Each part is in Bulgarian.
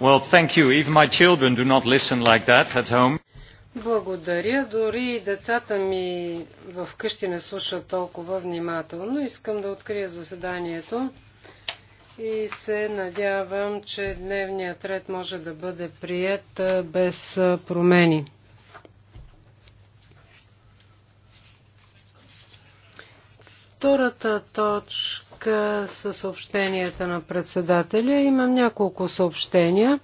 Well, thank you. Even my children do not listen like that at home. Благодаря. Дори и децата ми в къщи не слушат толкова внимателно. Искам да открия заседанието и се надявам, че дневният ред може да бъде прият без промени. Втората точка с съобщенията на председателя. Имам няколко съобщения.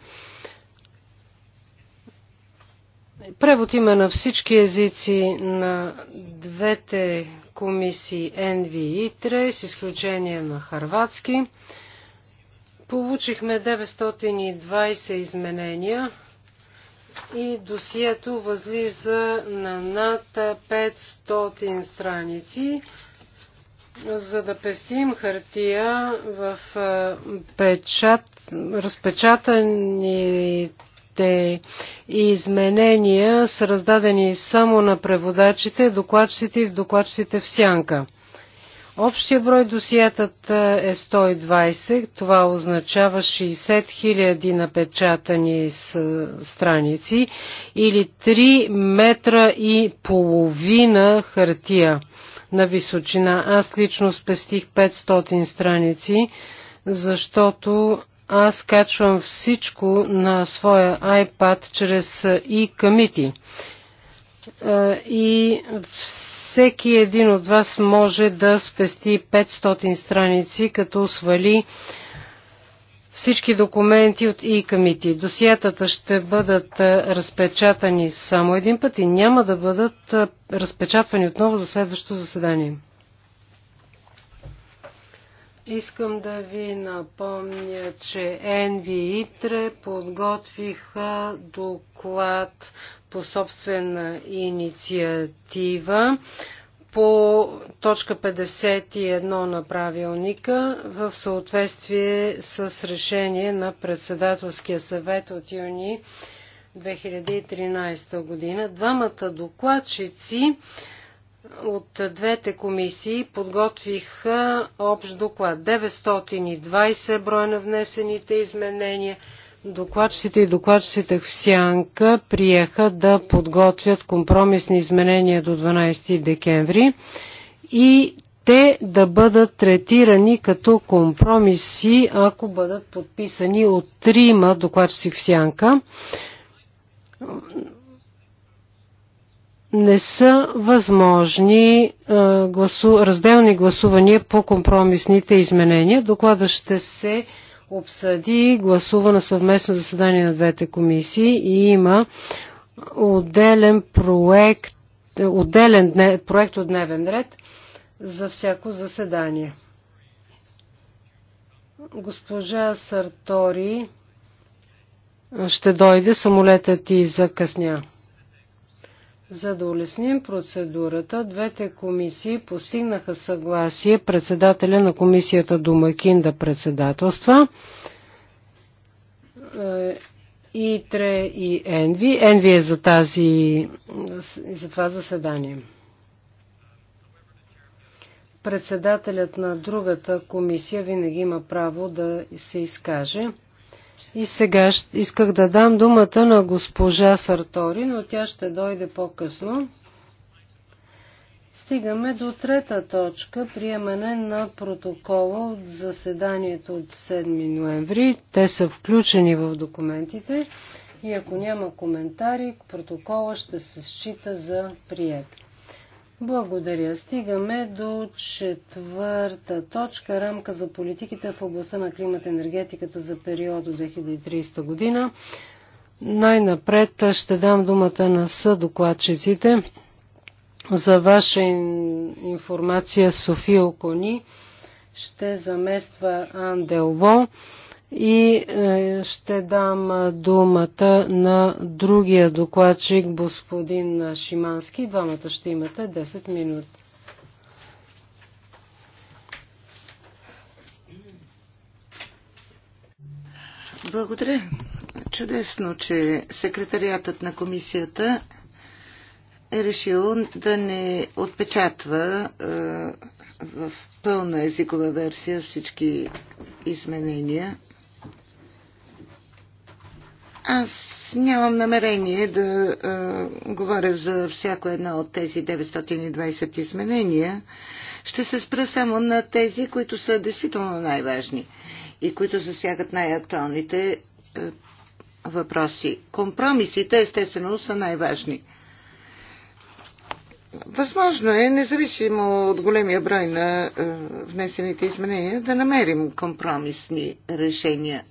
Превод има на всички езици на двете комисии НВ и ТРЕ, с изключение на харватски. Получихме 920 изменения и досието възлиза на над 500 страници. За да пестим хартия в печат, разпечатаните изменения са раздадени само на преводачите, докладчиците и в докладчиците в сянка. Общия брой досиетата е 120, това означава 60 000 напечатани с страници или 3 метра и половина хартия на височина. Аз лично спестих 500 страници, защото аз качвам всичко на своя iPad чрез е, e-committee. Е, и всеки един от вас може да спести 500 страници, като свали всички документи от e досиетата ще бъдат е, разпечатани само един път и няма да бъдат е, разпечатвани отново за следващото заседание. Искам да ви напомня, че Енви и Итре подготвиха доклад по собствена инициатива по точка 51 на правилника в съответствие с решение на председателския съвет от юни 2013 година. Двамата докладчици от двете комисии подготвиха общ доклад 920 броя на внесените изменения – Докладчиците и докладчиците в Сянка приеха да подготвят компромисни изменения до 12 декември и те да бъдат третирани като компромиси, ако бъдат подписани от трима докладчици в Сянка. Не са възможни гласу... разделни гласувания по компромисните изменения. Доклада ще се обсъди, гласува на съвместно заседание на двете комисии и има отделен проект, отделен дне, проект от дневен ред за всяко заседание. Госпожа Сартори ще дойде, самолетът и закъсня. За да улесним процедурата, двете комисии постигнаха съгласие председателя на комисията Домакин да председателства е, и тре и ЕНВИ. ЕНВИ е за, тази, за това заседание. Председателят на другата комисия винаги има право да се изкаже. И сега исках да дам думата на госпожа Сартори, но тя ще дойде по-късно. Стигаме до трета точка приемане на протокола от заседанието от 7 ноември. Те са включени в документите и ако няма коментари, протокола ще се счита за прият. Благодаря. Стигаме до четвърта точка рамка за политиките в областта на климата и енергетиката за период от 2030 година. Най-напред ще дам думата на съдокладчиците. За ваша информация София Окони ще замества Андел Вон и е, ще дам думата на другия докладчик, господин Шимански. Двамата ще имате 10 минути. Благодаря. Чудесно, че секретариатът на комисията е решил да не отпечатва е, в пълна езикова версия всички изменения аз нямам намерение да а, говоря за всяко едно от тези 920 изменения. Ще се спра само на тези, които са действително най-важни и които засягат най-актуалните е, въпроси. Компромисите, естествено, са най-важни. Възможно е, независимо от големия брой на е, внесените изменения, да намерим компромисни решения.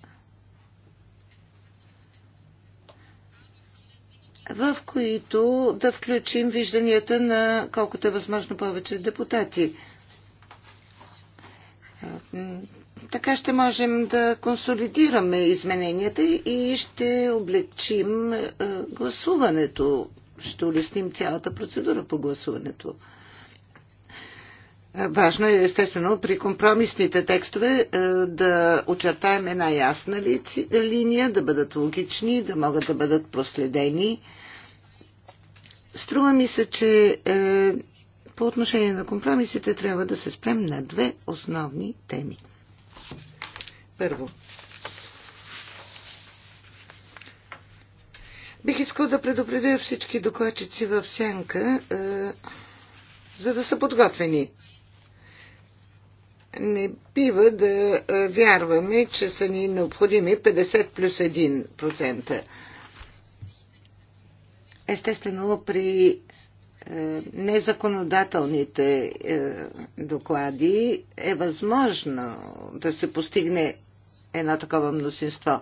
в които да включим вижданията на колкото е възможно повече депутати. Така ще можем да консолидираме измененията и ще облегчим е, гласуването. Ще улесним цялата процедура по гласуването. Важно е, естествено, при компромисните текстове е, да очертаем една ясна линия, да бъдат логични, да могат да бъдат проследени Струва ми се, че е, по отношение на компромисите трябва да се спрем на две основни теми. Първо, бих искал да предупредя всички докладчици в сянка, е, за да са подготвени. Не бива да е, вярваме, че са ни необходими 50 плюс 1%. Естествено, при е, незаконодателните е, доклади е възможно да се постигне едно такова мнозинство. Е,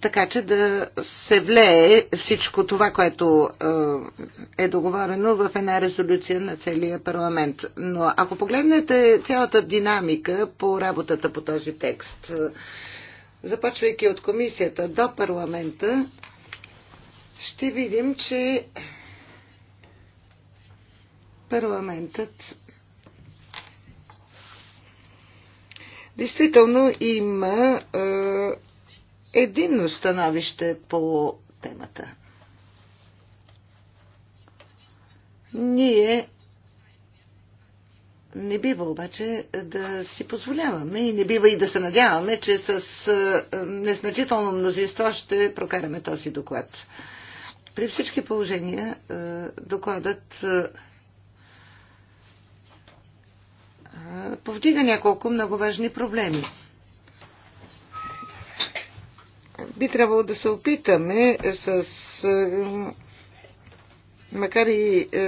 така че да се влее всичко това, което е договорено в една резолюция на целия парламент. Но ако погледнете цялата динамика по работата по този текст, започвайки от комисията до парламента, ще видим, че парламентът действително има е, единно становище по темата. Ние не бива обаче да си позволяваме и не бива и да се надяваме, че с е, незначително мнозинство ще прокараме този доклад. При всички положения е, докладът е, е, повдига няколко много важни проблеми. Би трябвало да се опитаме с макар и е,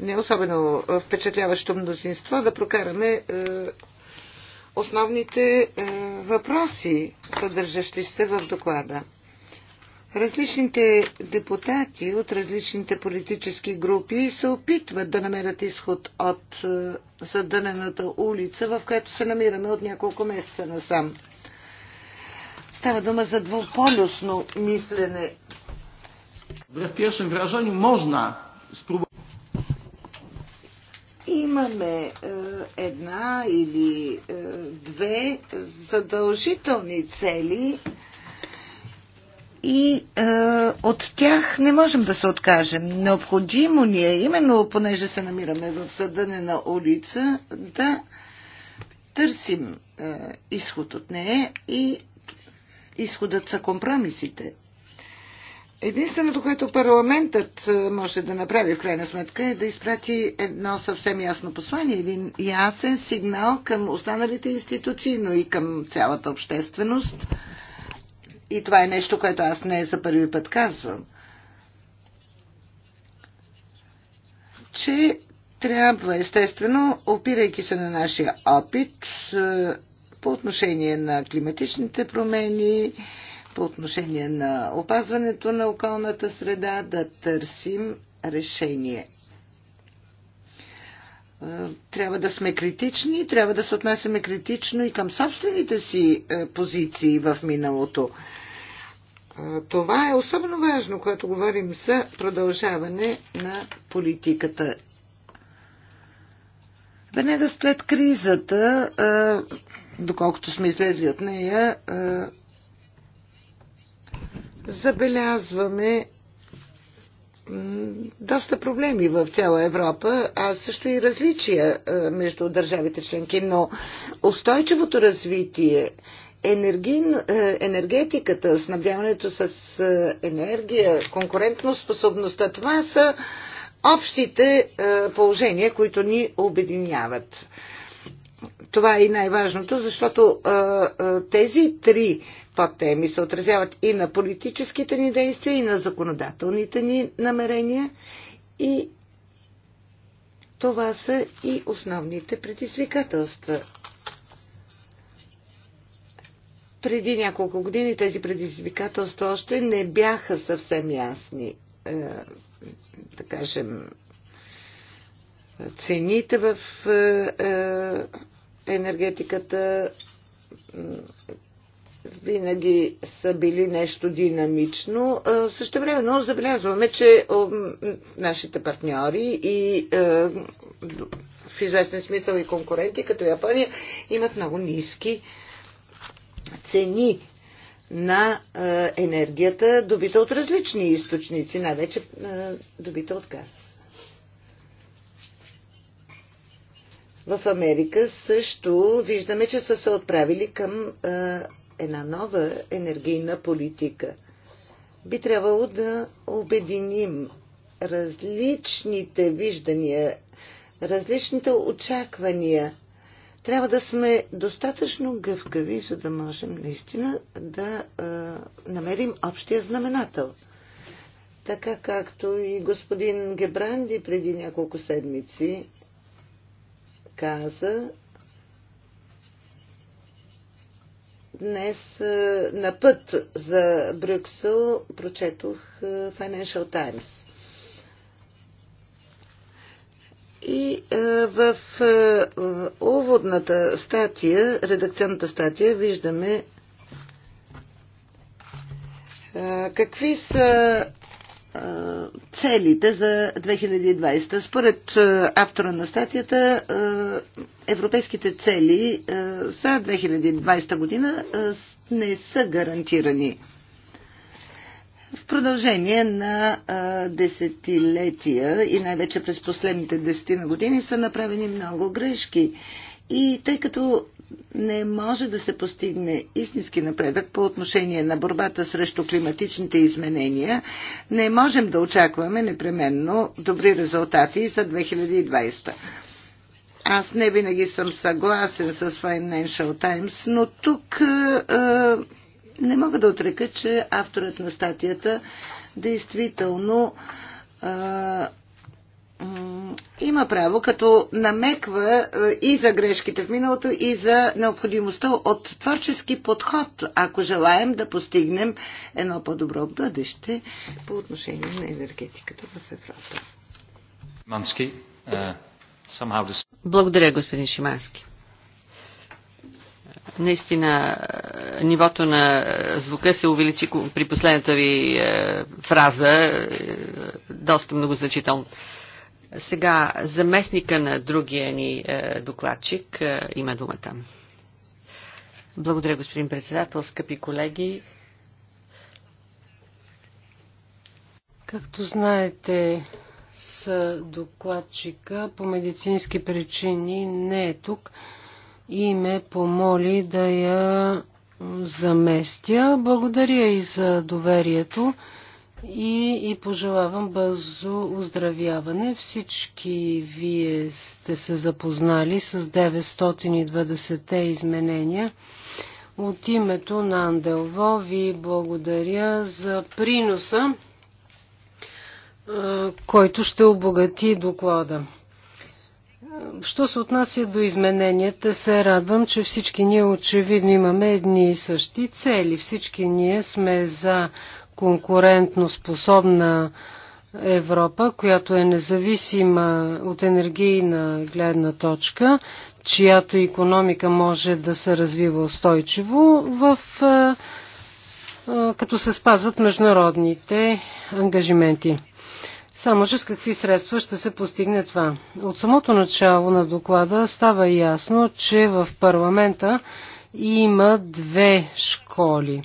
не особено впечатляващо мнозинство, да прокараме е, основните е, въпроси, съдържащи се в доклада. Различните депутати от различните политически групи се опитват да намерят изход от е, задънената улица, в която се намираме от няколко месеца насам. Става дума за двуполюсно мислене. Вbrew pierwszym wrażeniu можна spróbować. Имаме е, една или е, две задължителни цели, и е, от тях не можем да се откажем. Необходимо ни е, именно понеже се намираме в съдънена улица, да търсим е, изход от нея и изходът са компромисите. Единственото, което парламентът е, може да направи в крайна сметка е да изпрати едно съвсем ясно послание, един ясен сигнал към останалите институции, но и към цялата общественост – и това е нещо, което аз не за първи път казвам. Че трябва, естествено, опирайки се на нашия опит е, по отношение на климатичните промени, по отношение на опазването на околната среда, да търсим решение. Е, трябва да сме критични, трябва да се отнасяме критично и към собствените си е, позиции в миналото. Това е особено важно, когато говорим за продължаване на политиката. Веднага след кризата, доколкото сме излезли от нея, забелязваме доста проблеми в цяла Европа, а също и различия между държавите членки, но устойчивото развитие енергин, е, енергетиката, снабдяването с е, енергия, конкурентно способността, това са общите е, положения, които ни обединяват. Това е и най-важното, защото тези три подтеми се отразяват и на политическите ни действия, и на законодателните ни намерения и това са и основните предизвикателства преди няколко години тези предизвикателства още не бяха съвсем ясни. Е, да кажем, цените в е, е, енергетиката винаги са били нещо динамично. Също но забелязваме, че нашите партньори и в известен смисъл и конкуренти, като Япония, имат много ниски цени на енергията, добита от различни източници, най-вече добита от газ. В Америка също виждаме, че са се отправили към една нова енергийна политика. Би трябвало да обединим различните виждания, различните очаквания трябва да сме достатъчно гъвкави, за да можем наистина да а, намерим общия знаменател. Така както и господин Гебранди преди няколко седмици каза, днес на път за Брюксел прочетох Financial Times. И е, в е, уводната статия, редакционната статия, виждаме е, какви са целите за 2020. Според автора на статията, европейските цели за 2020 година не са гарантирани в продължение на а, десетилетия и най-вече през последните десетина години са направени много грешки. И тъй като не може да се постигне истински напредък по отношение на борбата срещу климатичните изменения, не можем да очакваме непременно добри резултати за 2020. Аз не винаги съм съгласен с Financial Times, но тук. А, не мога да отрека, че авторът на статията действително а, има право, като намеква и за грешките в миналото, и за необходимостта от творчески подход, ако желаем да постигнем едно по-добро бъдеще по отношение на енергетиката в Европа. Мански, uh, Благодаря, господин Шимански. Наистина, е, нивото на е, звука се увеличи при последната ви е, фраза доста много значително. Сега заместника на другия ни докладчик има думата. Благодаря, господин председател, скъпи колеги. Както знаете, с докладчика по медицински причини не е тук и ме помоли да я заместя. Благодаря и за доверието и, и пожелавам бързо оздравяване. Всички вие сте се запознали с 920-те изменения. От името на Анделво ви благодаря за приноса, който ще обогати доклада. Що се отнася до измененията, се радвам, че всички ние очевидно имаме едни и същи цели. Всички ние сме за конкурентно способна Европа, която е независима от енергийна гледна точка, чиято економика може да се развива устойчиво, в, като се спазват международните ангажименти. Само че с какви средства ще се постигне това? От самото начало на доклада става ясно, че в парламента има две школи.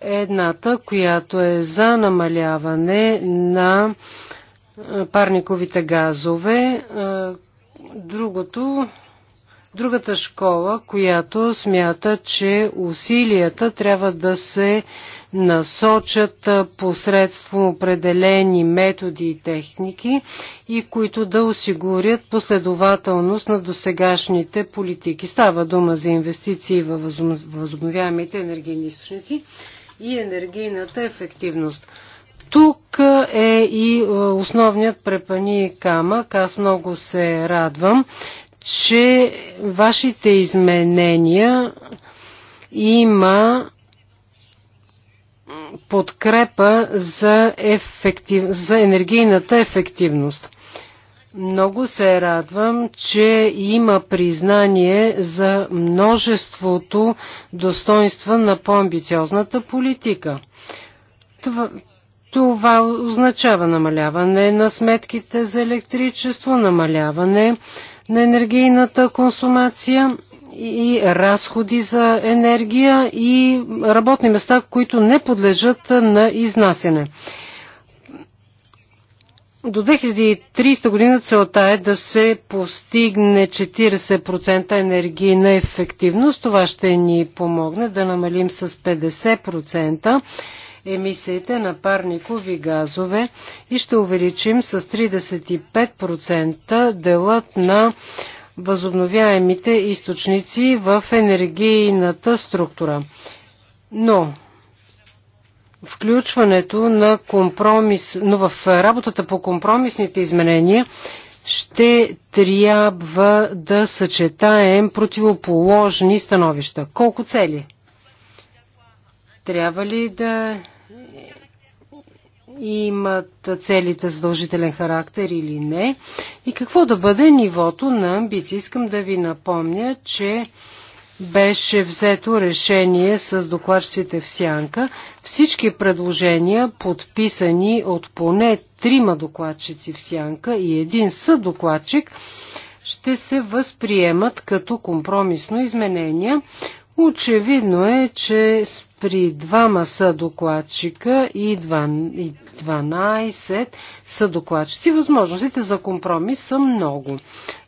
Едната, която е за намаляване на парниковите газове, другото, другата школа, която смята, че усилията трябва да се насочат посредством определени методи и техники и които да осигурят последователност на досегашните политики. Става дума за инвестиции в възобновяемите енергийни източници и енергийната ефективност. Тук е и основният препани камък. Аз много се радвам, че вашите изменения има подкрепа за, ефектив, за енергийната ефективност. Много се радвам, че има признание за множеството достоинства на по-амбициозната политика. Това, това означава намаляване на сметките за електричество, намаляване на енергийната консумация и разходи за енергия и работни места, които не подлежат на изнасяне. До 2030 година целта е да се постигне 40% енергийна ефективност. Това ще ни помогне да намалим с 50% емисиите на парникови газове и ще увеличим с 35% делът на възобновяемите източници в енергийната структура. Но включването на компромис, но в работата по компромисните изменения ще трябва да съчетаем противоположни становища. Колко цели? Трябва ли да имат целите задължителен характер или не и какво да бъде нивото на амбиции. Искам да ви напомня, че беше взето решение с докладчиците в Сянка всички предложения, подписани от поне трима докладчици в Сянка и един съдокладчик, ще се възприемат като компромисно изменения. Очевидно е, че при двама са докладчика и, два, и 12 са докладчици. Възможностите за компромис са много.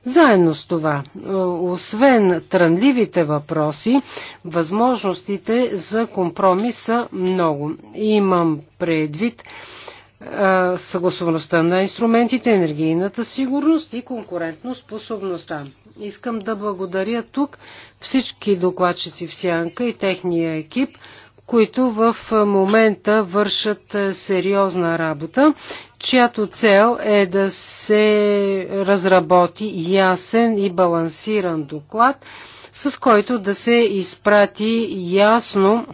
Заедно с това, е, освен трънливите въпроси, възможностите за компромис са много. Имам предвид е, съгласуваността на инструментите, енергийната сигурност и конкурентно способността. Искам да благодаря тук всички докладчици в Сянка и техния екип – които в момента вършат е, сериозна работа, чиято цел е да се разработи ясен и балансиран доклад, с който да се изпрати ясно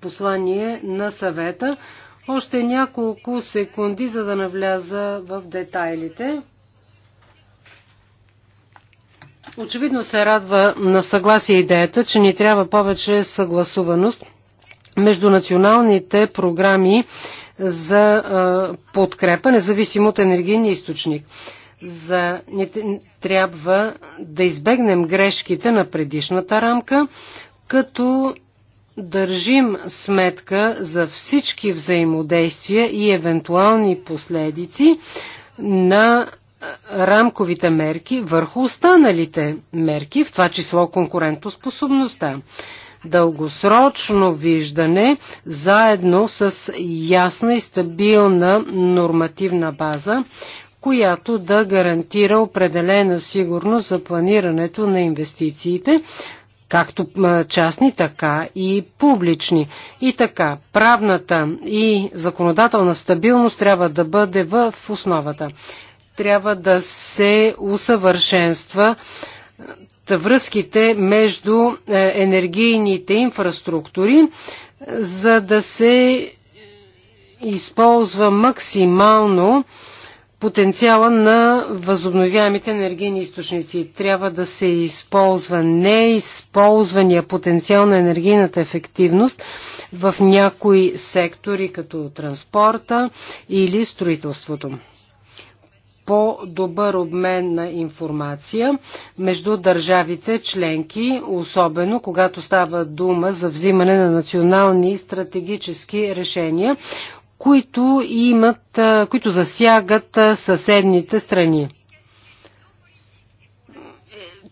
послание на съвета. Още няколко секунди, за да навляза в детайлите. Очевидно се радва на съгласие идеята, че ни трябва повече съгласуваност Междунационалните програми за подкрепа, независимо от енергийния източник. За, трябва да избегнем грешките на предишната рамка, като държим сметка за всички взаимодействия и евентуални последици на рамковите мерки върху останалите мерки, в това число конкурентоспособността дългосрочно виждане, заедно с ясна и стабилна нормативна база, която да гарантира определена сигурност за планирането на инвестициите, както частни, така и публични. И така, правната и законодателна стабилност трябва да бъде в основата. Трябва да се усъвършенства връзките между е, енергийните инфраструктури, е, за да се използва максимално потенциала на възобновяемите енергийни източници. Трябва да се използва неизползвания потенциал на енергийната ефективност в някои сектори, като транспорта или строителството по-добър обмен на информация между държавите членки, особено когато става дума за взимане на национални стратегически решения, които, имат, които засягат съседните страни.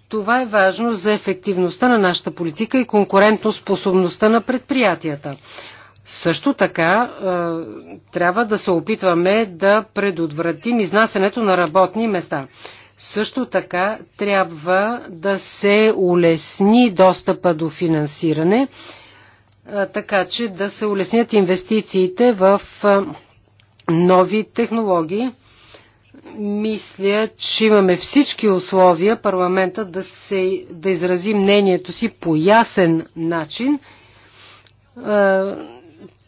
Това е важно за ефективността на нашата политика и конкурентоспособността на предприятията. Също така е, трябва да се опитваме да предотвратим изнасянето на работни места. Също така трябва да се улесни достъпа до финансиране, е, така че да се улеснят инвестициите в е, нови технологии. Мисля, че имаме всички условия парламента да, се, да изрази мнението си по ясен начин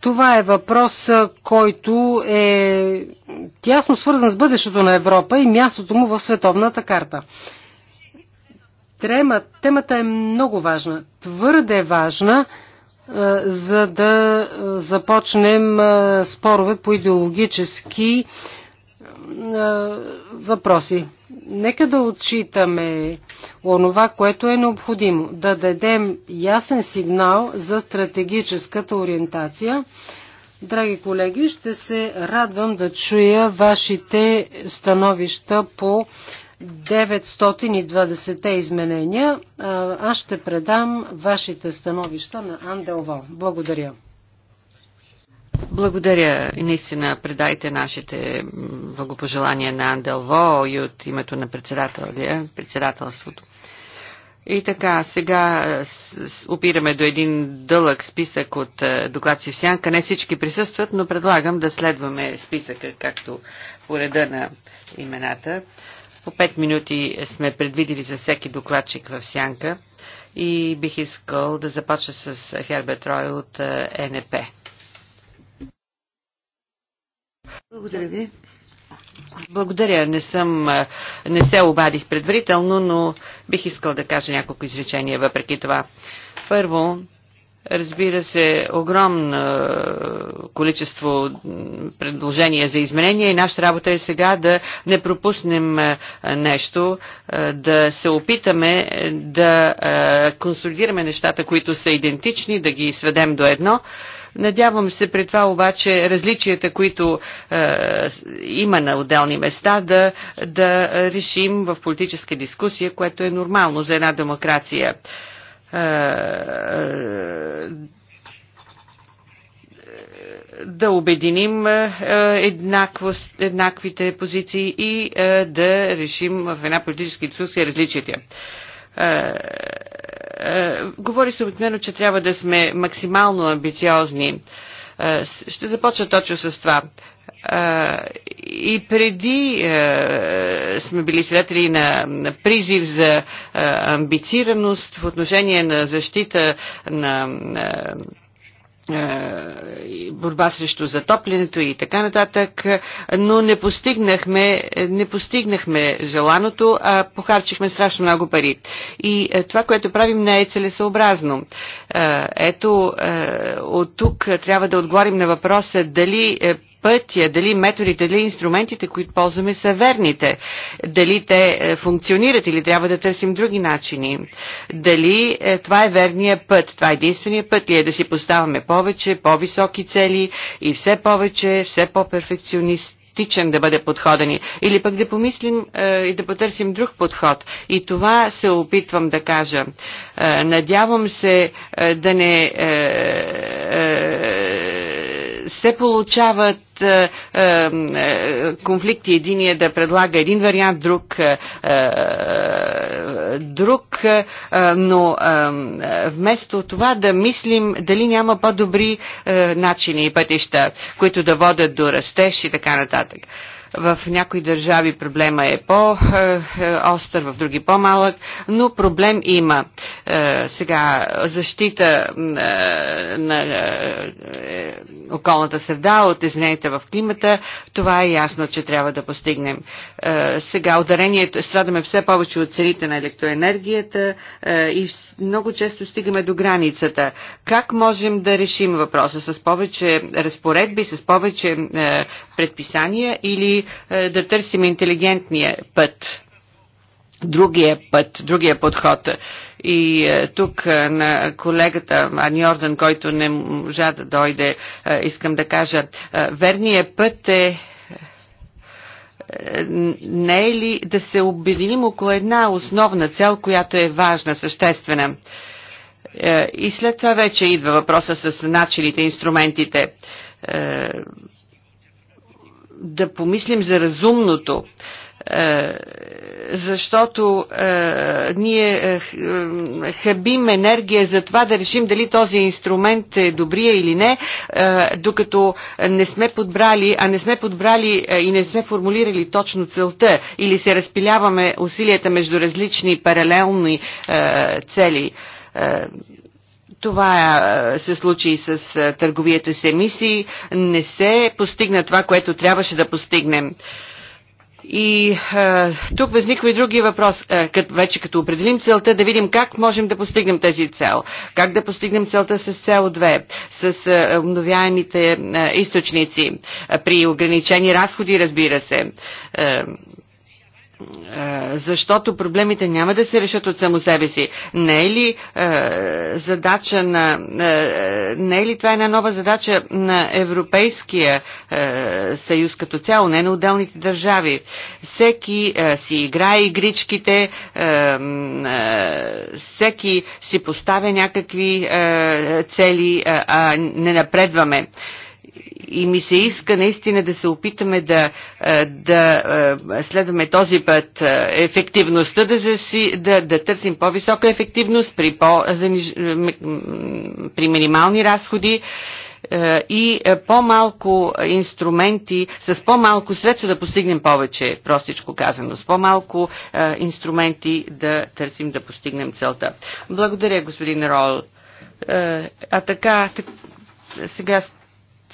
това е въпрос, който е тясно свързан с бъдещето на Европа и мястото му в световната карта. Трема, темата е много важна, твърде важна, за да започнем спорове по идеологически въпроси нека да отчитаме онова, което е необходимо. Да дадем ясен сигнал за стратегическата ориентация. Драги колеги, ще се радвам да чуя вашите становища по 920-те изменения. Аз ще предам вашите становища на Андел Вал. Благодаря. Благодаря и наистина предайте нашите благопожелания на Анделво и от името на председателството. И така, сега опираме до един дълъг списък от докладчи в сянка. Не всички присъстват, но предлагам да следваме списъка, както по реда на имената. По 5 минути сме предвидили за всеки докладчик в сянка и бих искал да започна с Херберт Рой от НП. Благодаря ви. Благодаря. Не, съм, не се обадих предварително, но бих искал да кажа няколко изречения въпреки това. Първо, разбира се, огромно количество предложения за изменения и нашата работа е сега да не пропуснем нещо, да се опитаме е, да консолидираме нещата, които са идентични, да ги сведем до едно Надявам се при това обаче различията, които е, има на отделни места, да, да решим в политическа дискусия, което е нормално за една демокрация. Е, е, да обединим е, еднакво, еднаквите позиции и е, да решим в една политическа дискусия различията. Е, е, говори се обикновено, че трябва да сме максимално амбициозни. Е, ще започна точно с това. Е, и преди сме били свидетели на призив за амбицираност в отношение на защита на е, борба срещу затоплянето и така нататък, но не постигнахме, не постигнахме желаното, а похарчихме страшно много пари. И е, това, което правим, не е целесообразно. Е, ето, от тук трябва да отговорим на въпроса дали пътя, дали методите, дали инструментите, които ползваме са верните, дали те е, функционират или трябва да търсим други начини, дали е, това е верният път, това е единствения път ли е да си поставяме повече, по-високи цели и все повече, все по-перфекционисти да бъде подходени. или пък да помислим е, и да потърсим друг подход. И това се опитвам да кажа. Е, надявам се е, да не е, е, се получават е, е, конфликти. единият да предлага един вариант, друг е, е, друг, е, но е, вместо това да мислим дали няма по-добри е, начини и пътища, които да водят до растеж и така нататък. Е, в някои държави проблема е по-остър, в други по-малък, но проблем има. Е, сега, защита е, на е, околната среда от измененията в климата, това е ясно, че трябва да постигнем. Сега, ударението, страдаме все повече от цените на електроенергията и много често стигаме до границата. Как можем да решим въпроса? С повече разпоредби, с повече предписания или е, да търсим интелигентния път, другия път, другия подход. И е, тук е, на колегата Ани Орден, който не можа да дойде, искам да кажа, верният път е не е ли да се обединим около една основна цел, която е важна, съществена? И след това вече идва въпроса с начините, инструментите да помислим за разумното е, защото е, ние е, хабим енергия за това да решим дали този инструмент е добрия или не, докато не сме подбрали, а не сме подбрали и не сме формулирали точно целта или се разпиляваме усилията между различни паралелни цели това се случи и с търговията с емисии. Не се постигна това, което трябваше да постигнем. И а, тук възниква и другия въпрос. А, кът, вече като определим целта, да видим как можем да постигнем тези цел. Как да постигнем целта с цел 2, с а, обновяемите а, източници, а, при ограничени разходи, разбира се. Е, защото проблемите няма да се решат от само себе си. Не е ли е, задача на... Е, не е ли това една нова задача на Европейския е, съюз като цяло, не на отделните държави? Всеки е, си играе игричките, е, е, всеки си поставя някакви е, цели, е, а не напредваме. Е, и ми се иска наистина да се опитаме да, да следваме този път ефективността, да, заси, да, да търсим по-висока ефективност при, по, при минимални разходи и по-малко инструменти, с по-малко средства да постигнем повече, простичко казано, с по-малко инструменти да търсим да постигнем целта. Благодаря, господин Рол. А така, сега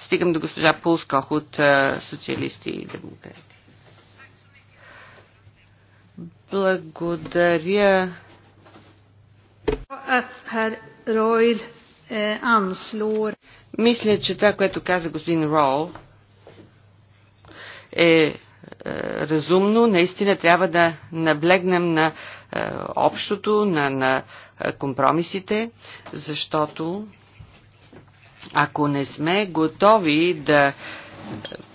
стигам до госпожа Пулскох от социалисти и демократи. Благодаря. Eh, Мисля, че това, което каза господин Рол, е, е разумно, наистина трябва да наблегнем на е, общото, на, на е, компромисите, защото ако не сме готови да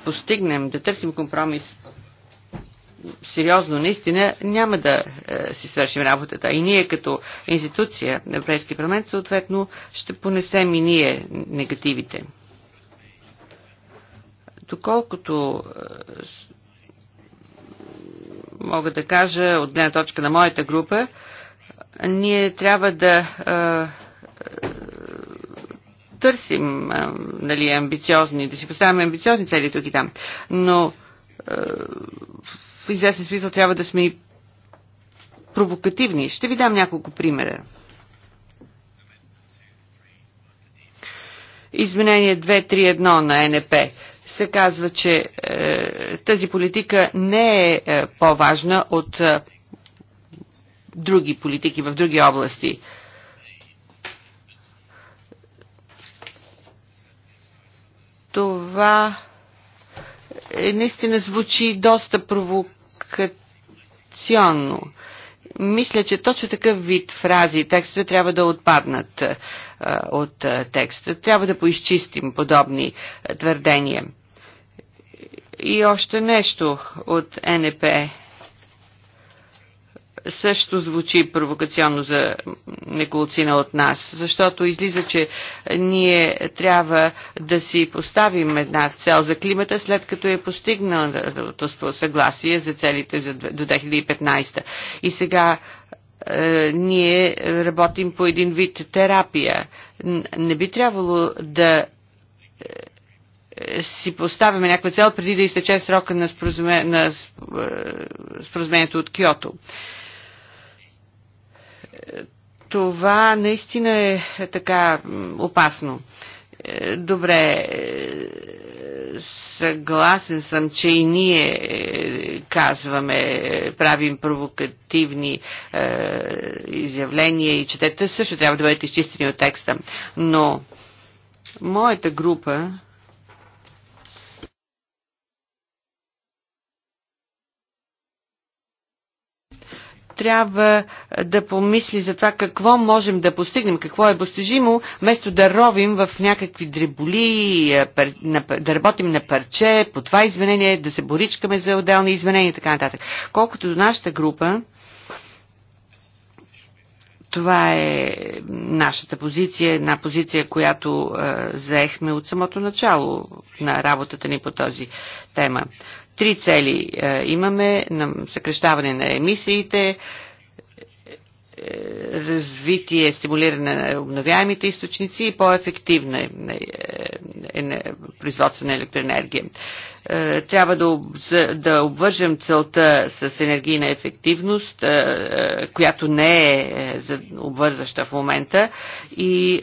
постигнем, да търсим компромис сериозно, наистина, няма да е, си свършим работата. И ние като институция на Европейския парламент, съответно, ще понесем и ние негативите. Доколкото е, мога да кажа от гледна точка на моята група, ние трябва да е, търсим нали, амбициозни, да си поставяме амбициозни цели тук и там. Но в известен смисъл трябва да сме и провокативни. Ще ви дам няколко примера. Изменение 231 на НП се казва, че е, тази политика не е, е по-важна от е, други политики в други области. Е, това е, наистина звучи доста провокационно. Мисля, че точно такъв вид фрази и текстове трябва да отпаднат а, от а, текста. Трябва да поизчистим подобни а, твърдения. И още нещо от НП е също звучи провокационно за неколцина от нас, защото излиза, че ние трябва да си поставим една цел за климата, след като е постигнато съгласие за целите за, до 2015. И сега е, ние работим по един вид терапия. Не би трябвало да е, си поставяме някаква цел преди да изтече срока на, е, споразумението от Киото това наистина е, е така опасно. Е, добре, е, съгласен съм, че и ние казваме, правим провокативни е, изявления и четете също трябва да бъдете изчистени от текста. Но моята група трябва да помисли за това какво можем да постигнем, какво е постижимо, вместо да ровим в някакви дреболи, е, да работим на парче, по това изменение, да се боричкаме за отделни изменения и така нататък. Колкото до нашата група, това е нашата позиция, една позиция, която е, заехме от самото начало на работата ни по този тема. Три цели е, имаме на съкрещаване на емисиите, е, развитие, стимулиране на обновяемите източници и по-ефективна е, е, производство на електроенергия. Трябва да, да обвържем целта с енергийна ефективност, която не е обвързваща в момента и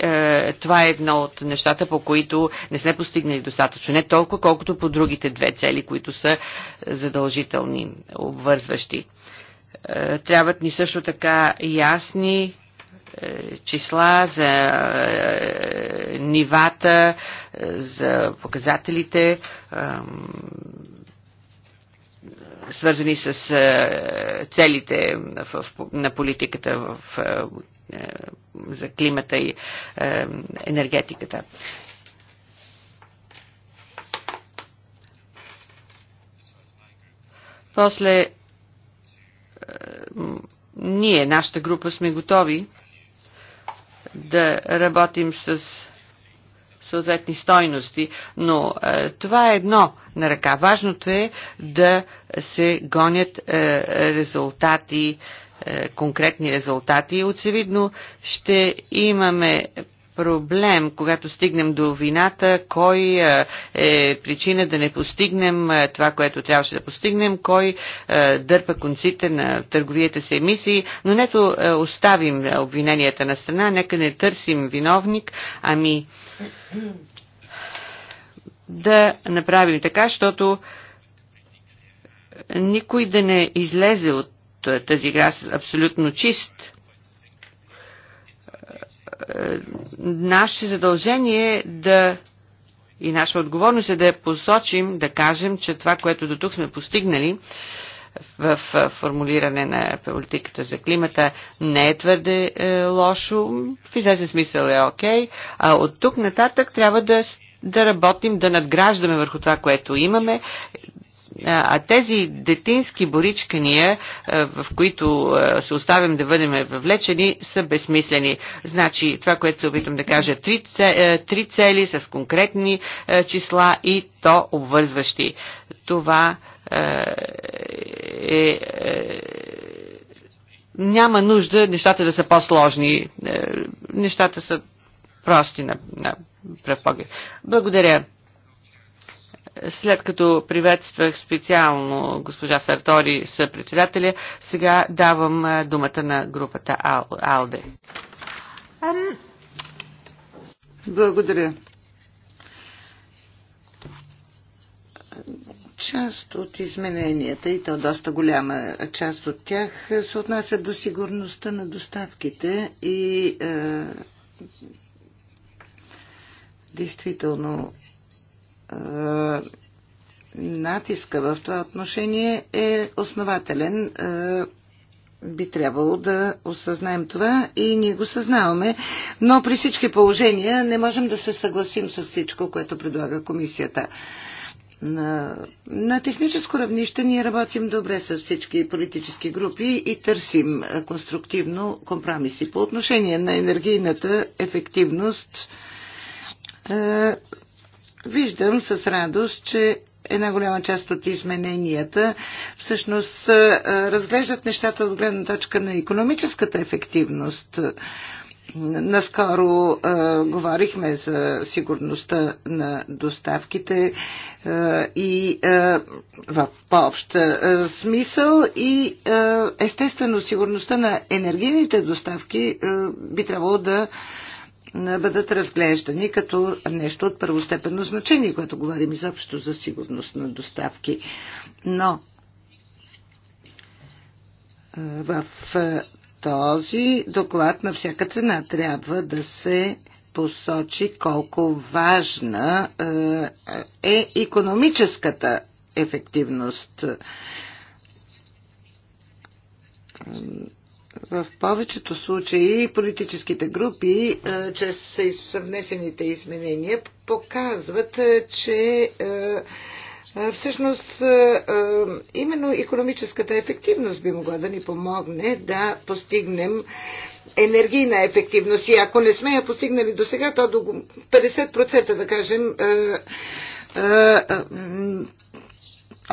това е едно от нещата, по които не сме постигнали достатъчно. Не толкова, колкото по другите две цели, които са задължителни, обвързващи. Е, трябват ни също така ясни е, числа за е, нивата, за показателите, свързани с целите на политиката в, за климата и енергетиката. После ние, нашата група, сме готови да работим с съответни стойности, но е, това е едно на ръка. Важното е да се гонят е, резултати, е, конкретни резултати. Очевидно ще имаме проблем, когато стигнем до вината, кой е, е причина да не постигнем е, това, което трябваше да постигнем, кой е, дърпа конците на търговията с емисии, но нето оставим обвиненията на страна, нека не търсим виновник, ами да направим така, защото никой да не излезе от тази игра абсолютно чист е, наше задължение е да и наша отговорност е да посочим, да кажем, че това, което до тук сме постигнали в формулиране на политиката за климата, не е твърде е, лошо, в известен смисъл е окей, а от тук нататък трябва да, да работим, да надграждаме върху това, което имаме, а тези детински боричкания, в които се оставим да бъдем въвлечени, са безсмислени. Значи, това, което се опитвам да кажа, три, три цели с конкретни числа и то обвързващи. Това е, е няма нужда нещата да са по-сложни. Нещата са прости на, на пръв поглед. Благодаря. След като приветствах специално госпожа Сартори съпредседателя, сега давам думата на групата АЛДЕ. Благодаря. Част от измененията, и то доста голяма част от тях, се отнасят до сигурността на доставките и е, действително натиска в това отношение е основателен. Е, би трябвало да осъзнаем това и ние го съзнаваме, но при всички положения не можем да се съгласим с всичко, което предлага комисията. На, на техническо равнище ние работим добре с всички политически групи и търсим е, конструктивно компромиси. По отношение на енергийната ефективност, е, Виждам с радост, че една голяма част от измененията всъщност разглеждат нещата от гледна точка на економическата ефективност. Наскоро е, говорихме за сигурността на доставките е, и е, в по-общ смисъл и е, естествено сигурността на енергийните доставки е, би трябвало да е, бъдат разглеждани като нещо от първостепенно значение, което говорим изобщо за сигурност на доставки. Но в този доклад на всяка цена трябва да се посочи колко важна е економическата ефективност в повечето случаи политическите групи, чрез съвнесените изменения, показват, че всъщност именно економическата ефективност би могла да ни помогне да постигнем енергийна ефективност. И ако не сме я постигнали до сега, то до 50% да кажем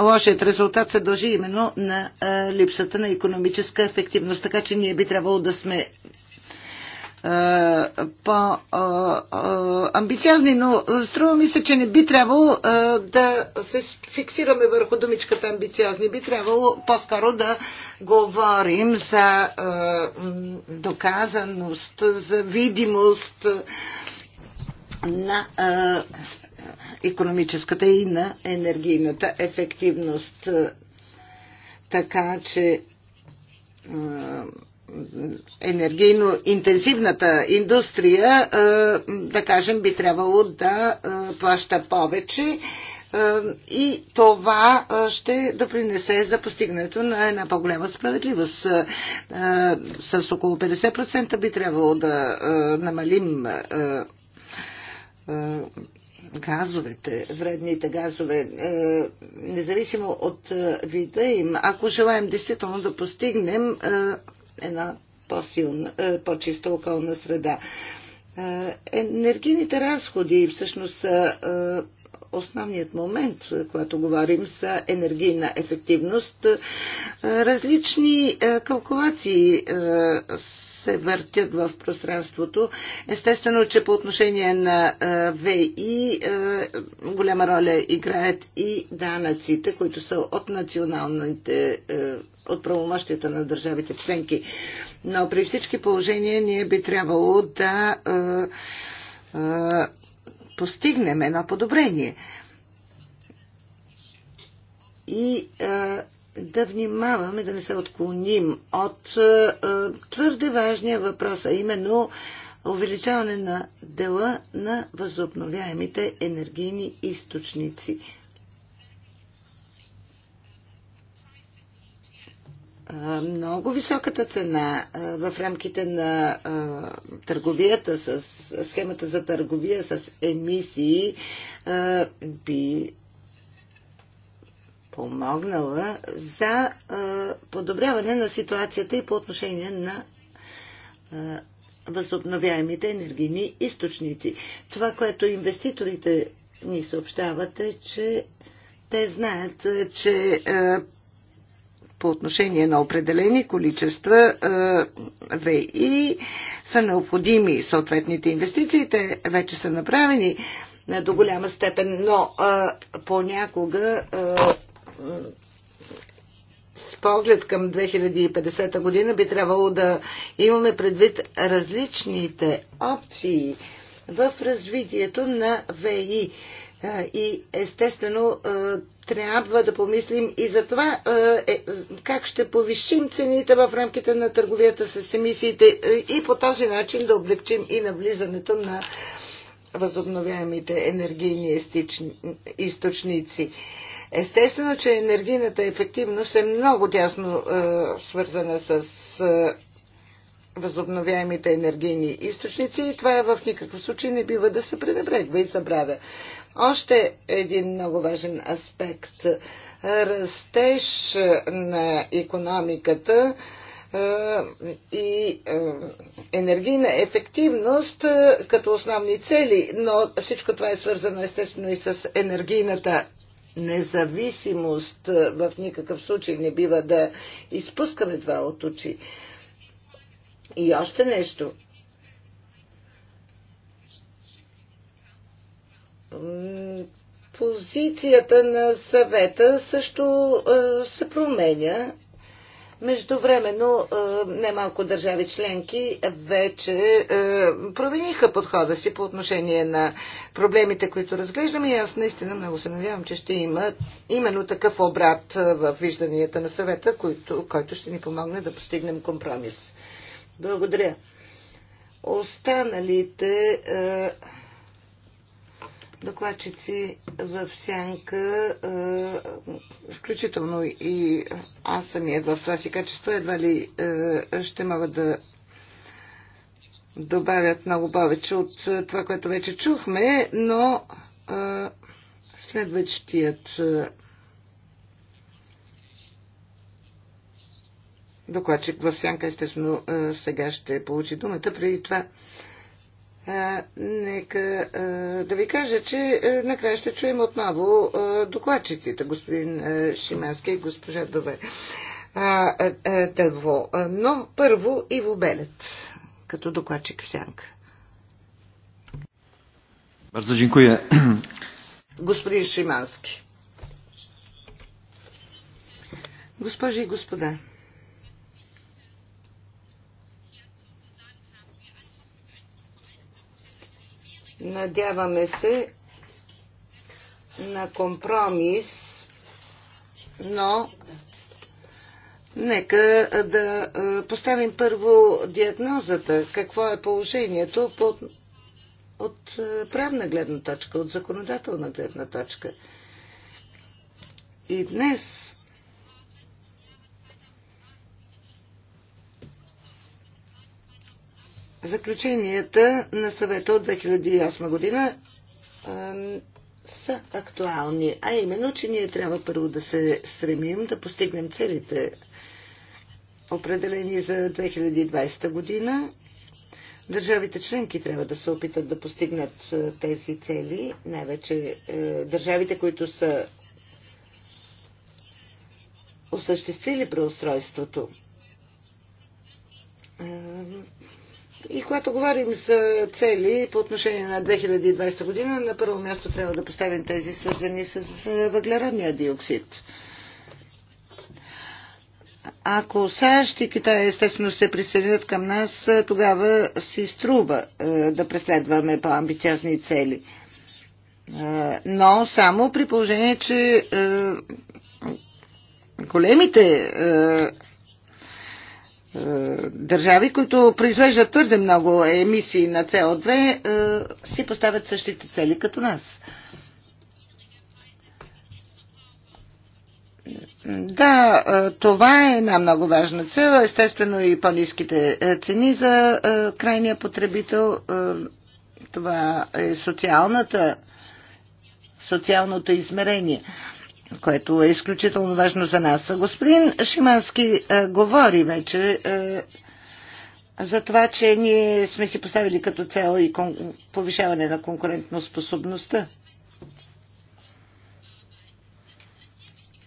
лошият резултат се дължи именно на липсата на економическа ефективност. Така че ние би трябвало да сме по-амбициозни, но струва ми се, че не би трябвало да се фиксираме върху думичката амбициозни. Би трябвало по-скоро да говорим за доказаност, за видимост на економическата и на енергийната ефективност. Така че енергийно интензивната индустрия, да кажем, би трябвало да плаща повече и това ще допринесе за постигането на една по-голяма справедливост. С около 50% би трябвало да намалим газовете, вредните газове, е, независимо от е, вида им, ако желаем действително да постигнем е, една по-силна, по-чиста околна среда. Енергийните разходи всъщност са основният момент, когато говорим за енергийна ефективност. Е, различни е, калкулации е, се въртят в пространството. Естествено, че по отношение на ВИ голяма роля играят и данъците, които са от националните, от правомощията на държавите членки. Но при всички положения ние би трябвало да постигнем едно подобрение. И а, да внимаваме да не се отклоним от а, твърде важния въпрос, а именно увеличаване на дела на възобновяемите енергийни източници много високата цена в рамките на търговията с схемата за търговия с емисии би помогнала за подобряване на ситуацията и по отношение на възобновяемите енергийни източници. Това, което инвеститорите ни съобщават е, че те знаят, че по отношение на определени количества е, ВИ са необходими съответните инвестиции. Те вече са направени е, до голяма степен, но е, понякога с поглед към 2050 година би трябвало да имаме предвид различните опции в развитието на ВИ. И естествено трябва да помислим и за това е, как ще повишим цените в рамките на търговията с емисиите и по този начин да облегчим и навлизането на възобновяемите енергийни източници. Естествено, че енергийната ефективност е много тясно е, свързана с е, възобновяемите енергийни източници и това в никакъв случай не бива да се пренебрегва и забравя. Още един много важен аспект. Растеж на економиката и енергийна ефективност като основни цели, но всичко това е свързано естествено и с енергийната независимост. В никакъв случай не бива да изпускаме това от очи. И още нещо. Позицията на съвета също се променя. Междувременно немалко държави членки вече промениха подхода си по отношение на проблемите, които разглеждаме и аз наистина много се надявам, че ще има именно такъв обрат в вижданията на съвета, който, който ще ни помогне да постигнем компромис. Благодаря. Останалите е, докладчици в сянка, е, включително и аз самият в това си качество, едва ли е, ще могат да добавят много повече от това, което вече чухме, но е, следващият е, докладчик в сянка, естествено, е, сега ще получи думата. Преди това е, нека е, да ви кажа, че накрая ще чуем отново докладчиците, господин Шимански и госпожа Дове. Дърво. Но първо Иво Белет, като докладчик в сянка. Bardzo dziękuję. Господин Шимански. Госпожи и господа, Надяваме се на компромис, но нека да поставим първо диагнозата. Какво е положението по, от правна гледна точка, от законодателна гледна точка. И днес Заключенията на съвета от 2008 година са актуални, а именно, че ние трябва първо да се стремим да постигнем целите, определени за 2020 година. Държавите членки трябва да се опитат да постигнат тези цели, най-вече е, държавите, които са осъществили преустройството. И когато говорим за цели по отношение на 2020 година, на първо място трябва да поставим тези свързани с е, въглеродния диоксид. Ако САЩ и Китай естествено се присъединят към нас, е, тогава си струва е, да преследваме по-амбициозни цели. Но само при положение, че големите е, държави, които произвеждат твърде много емисии на СО2, е, си поставят същите цели като нас. Да, е, това е една много важна цел. Естествено и по-низките цени за крайния потребител. Това е социалната, социалното измерение което е изключително важно за нас. Господин Шимански а, е, говори вече а, е, за това, че ние сме си поставили като цел и кон... повишаване на конкурентноспособността.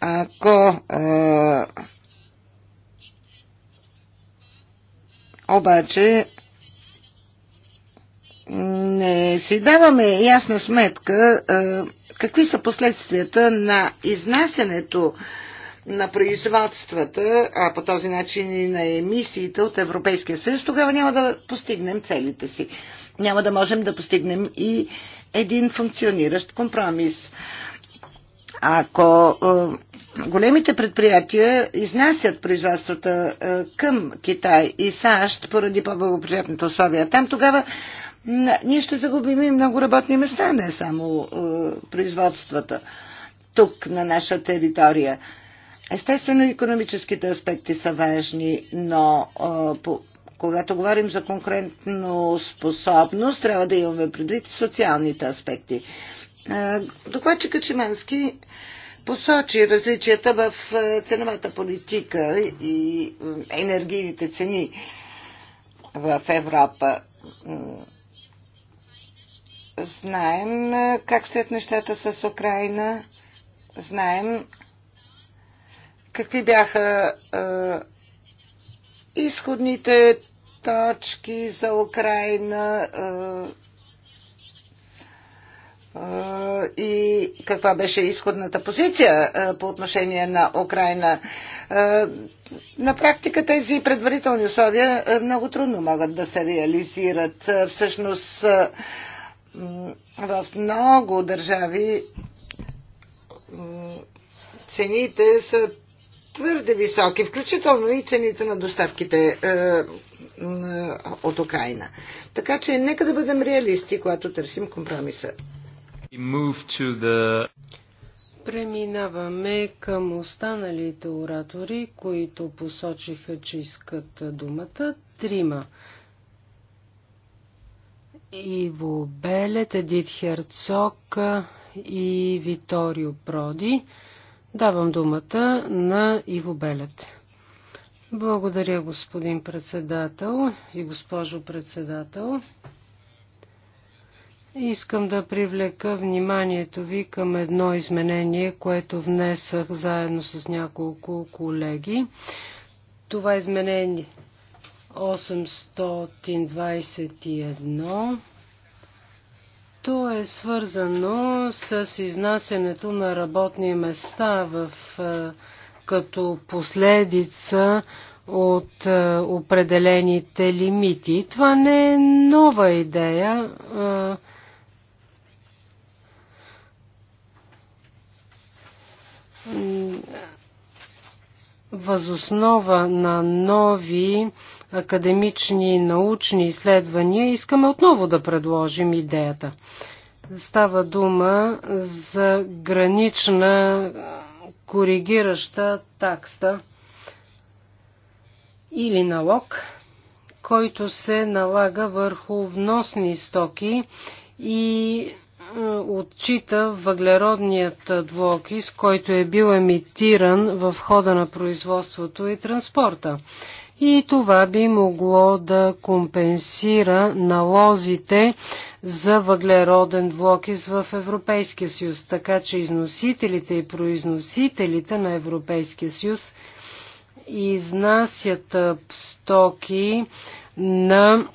Ако а, е, обаче не си даваме ясна сметка а, Какви са последствията на изнасянето на производствата, а по този начин и на емисиите от Европейския съюз, тогава няма да постигнем целите си. Няма да можем да постигнем и един функциониращ компромис. Ако е, големите предприятия изнасят производствата е, към Китай и САЩ поради по-благоприятните условия там, тогава ние ще загубим и много работни места, не само е, производствата тук на наша територия. Естествено, економическите аспекти са важни, но е, по, когато говорим за конкурентно способност, трябва да имаме предвид социалните аспекти. Е, докладчика Чимански посочи различията в ценовата политика и енергийните цени в Европа. Знаем как стоят нещата с Украина. Знаем какви бяха е, изходните точки за Украина е, и каква беше изходната позиция по отношение на Украина. на практика тези предварителни условия много трудно могат да се реализират. Всъщност в много държави цените са твърде високи, включително и цените на доставките е, от Украина. Така че нека да бъдем реалисти, когато търсим компромиса. Преминаваме към останалите оратори, които посочиха, че искат думата. Трима. Иво Белет, Едит Херцог и Виторио Проди. Давам думата на Иво Белет. Благодаря, господин председател и госпожо председател. Искам да привлека вниманието ви към едно изменение, което внесах заедно с няколко колеги. Това изменение 821. То е свързано с изнасянето на работни места в, е, като последица от е, определените лимити. Това не е нова идея. Е, Възоснова на нови академични и научни изследвания, искаме отново да предложим идеята. Става дума за гранична коригираща такса или налог, който се налага върху вносни стоки и е, отчита въглеродният двуокис, който е бил емитиран в хода на производството и транспорта и това би могло да компенсира налозите за въглероден двуокис в Европейския съюз, така че износителите и произносителите на Европейския съюз изнасят стоки на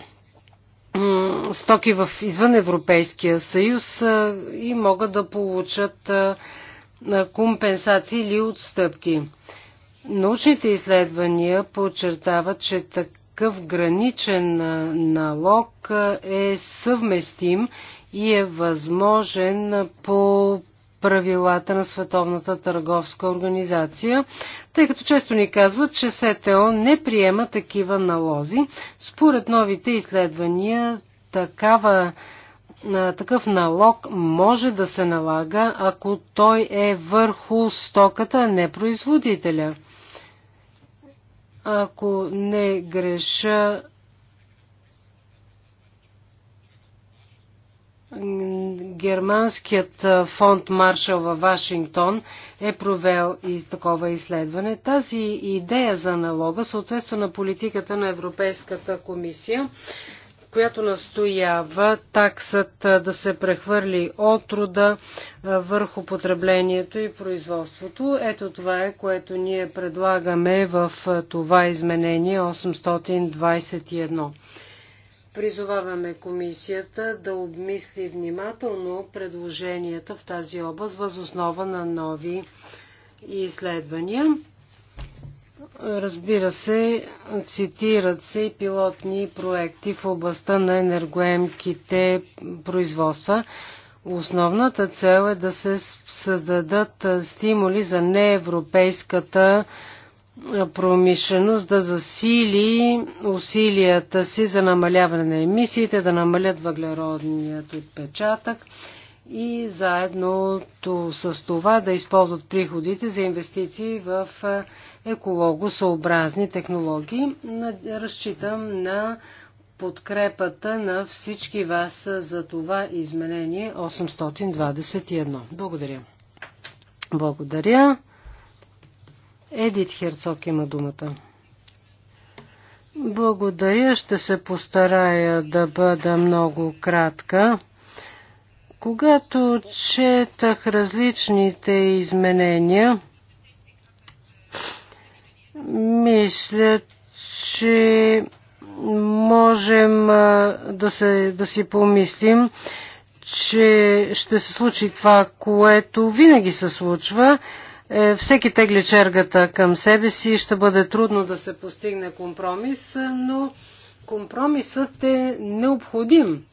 стоки в извън Европейския съюз и могат да получат компенсации или отстъпки. Научните изследвания подчертават, че такъв граничен налог е съвместим и е възможен по правилата на Световната търговска организация, тъй като често ни казват, че СТО не приема такива налози. Според новите изследвания, такава, такъв налог може да се налага, ако той е върху стоката, а не производителя. Ако не греша, германският фонд Маршал във Вашингтон е провел и такова изследване. Тази идея за налога съответства на политиката на Европейската комисия която настоява таксата да се прехвърли от труда върху потреблението и производството. Ето това е, което ние предлагаме в това изменение 821. Призоваваме комисията да обмисли внимателно предложенията в тази област възоснова на нови изследвания. Разбира се, цитират се и пилотни проекти в областта на енергоемките производства. Основната цел е да се създадат стимули за неевропейската промишленост да засили усилията си за намаляване на емисиите, да намалят въглеродният отпечатък и заедно с това да използват приходите за инвестиции в екологосъобразни технологии. Разчитам на подкрепата на всички вас за това изменение 821. Благодаря. Благодаря. Едит Херцог има думата. Благодаря, ще се постарая да бъда много кратка. Когато четах различните изменения, мисля, че можем да, се, да си помислим, че ще се случи това, което винаги се случва. Е, всеки тегли чергата към себе си, ще бъде трудно да се постигне компромис, но компромисът е необходим.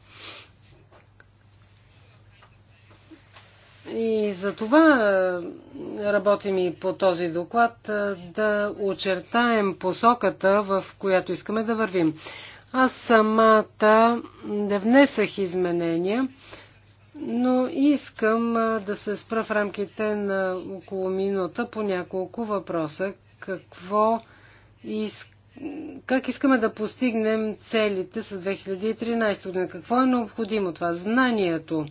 И за това е, работим и по този доклад е, да очертаем посоката, в която искаме да вървим. Аз самата не внесах изменения, но искам е, да се спра в рамките на около минута по няколко въпроса. Какво искам как искаме да постигнем целите с 2013 година? Какво е необходимо това? Знанието,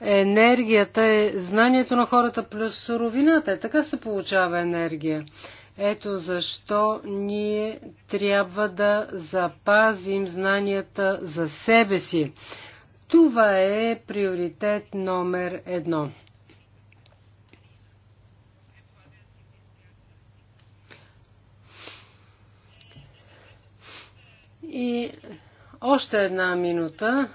енергията е знанието на хората плюс суровината. Е, така се получава енергия. Ето защо ние трябва да запазим знанията за себе си. Това е приоритет номер едно. И още една минута.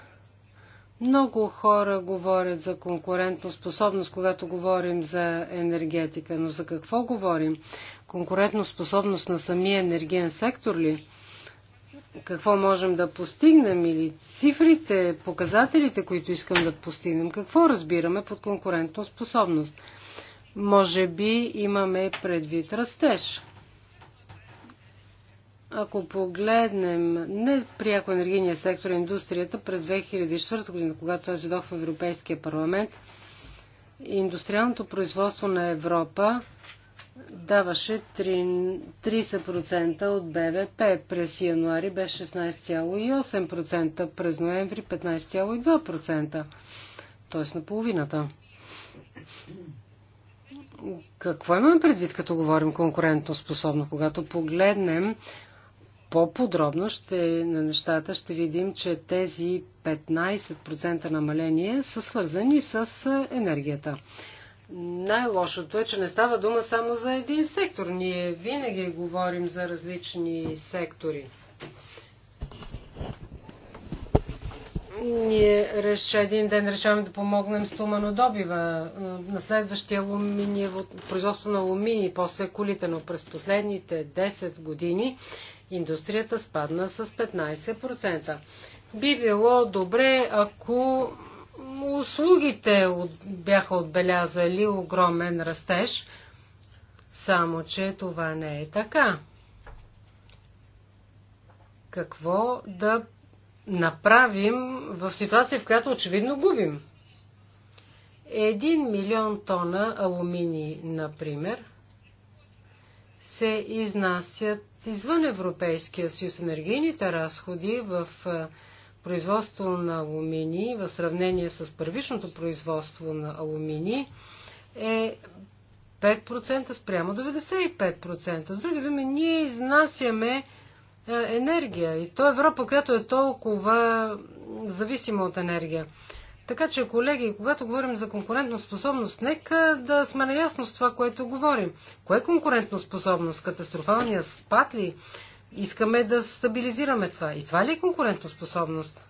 Много хора говорят за конкурентоспособност, когато говорим за енергетика, но за какво говорим? Конкурентоспособност на самия енергиен сектор ли? Какво можем да постигнем или цифрите, показателите, които искам да постигнем? Какво разбираме под конкурентоспособност? Може би имаме предвид растеж. Ако погледнем не пряко енергийния сектор и индустрията през 2004 година, когато аз дойдох в Европейския парламент, индустриалното производство на Европа даваше 30% от БВП. През януари беше 16,8%, през ноември 15,2%, т.е. на половината. Какво имаме предвид, като говорим конкурентно способно? Когато погледнем по-подробно ще, на нещата ще видим, че тези 15% намаление са свързани с енергията. Най-лошото е, че не става дума само за един сектор. Ние винаги говорим за различни сектори. Ние реше, един ден решаваме да помогнем с туманодобива, на следващия алуминиево, производство на алумини, после колите, но през последните 10 години индустрията спадна с 15%. Би било добре, ако услугите бяха отбелязали огромен растеж, само че това не е така. Какво да направим в ситуация, в която очевидно губим? Един милион тона алумини, например, се изнасят извън Европейския съюз. Енергийните разходи в производство на алумини в сравнение с първичното производство на алумини е 5% спрямо 95%. С други думи, ние изнасяме енергия. И то Европа, която е толкова зависима от енергия. Така че, колеги, когато говорим за способност, нека да сме наясно с това, което говорим. Кое е способност? Катастрофалния спад ли? Искаме да стабилизираме това. И това ли е конкурентоспособност?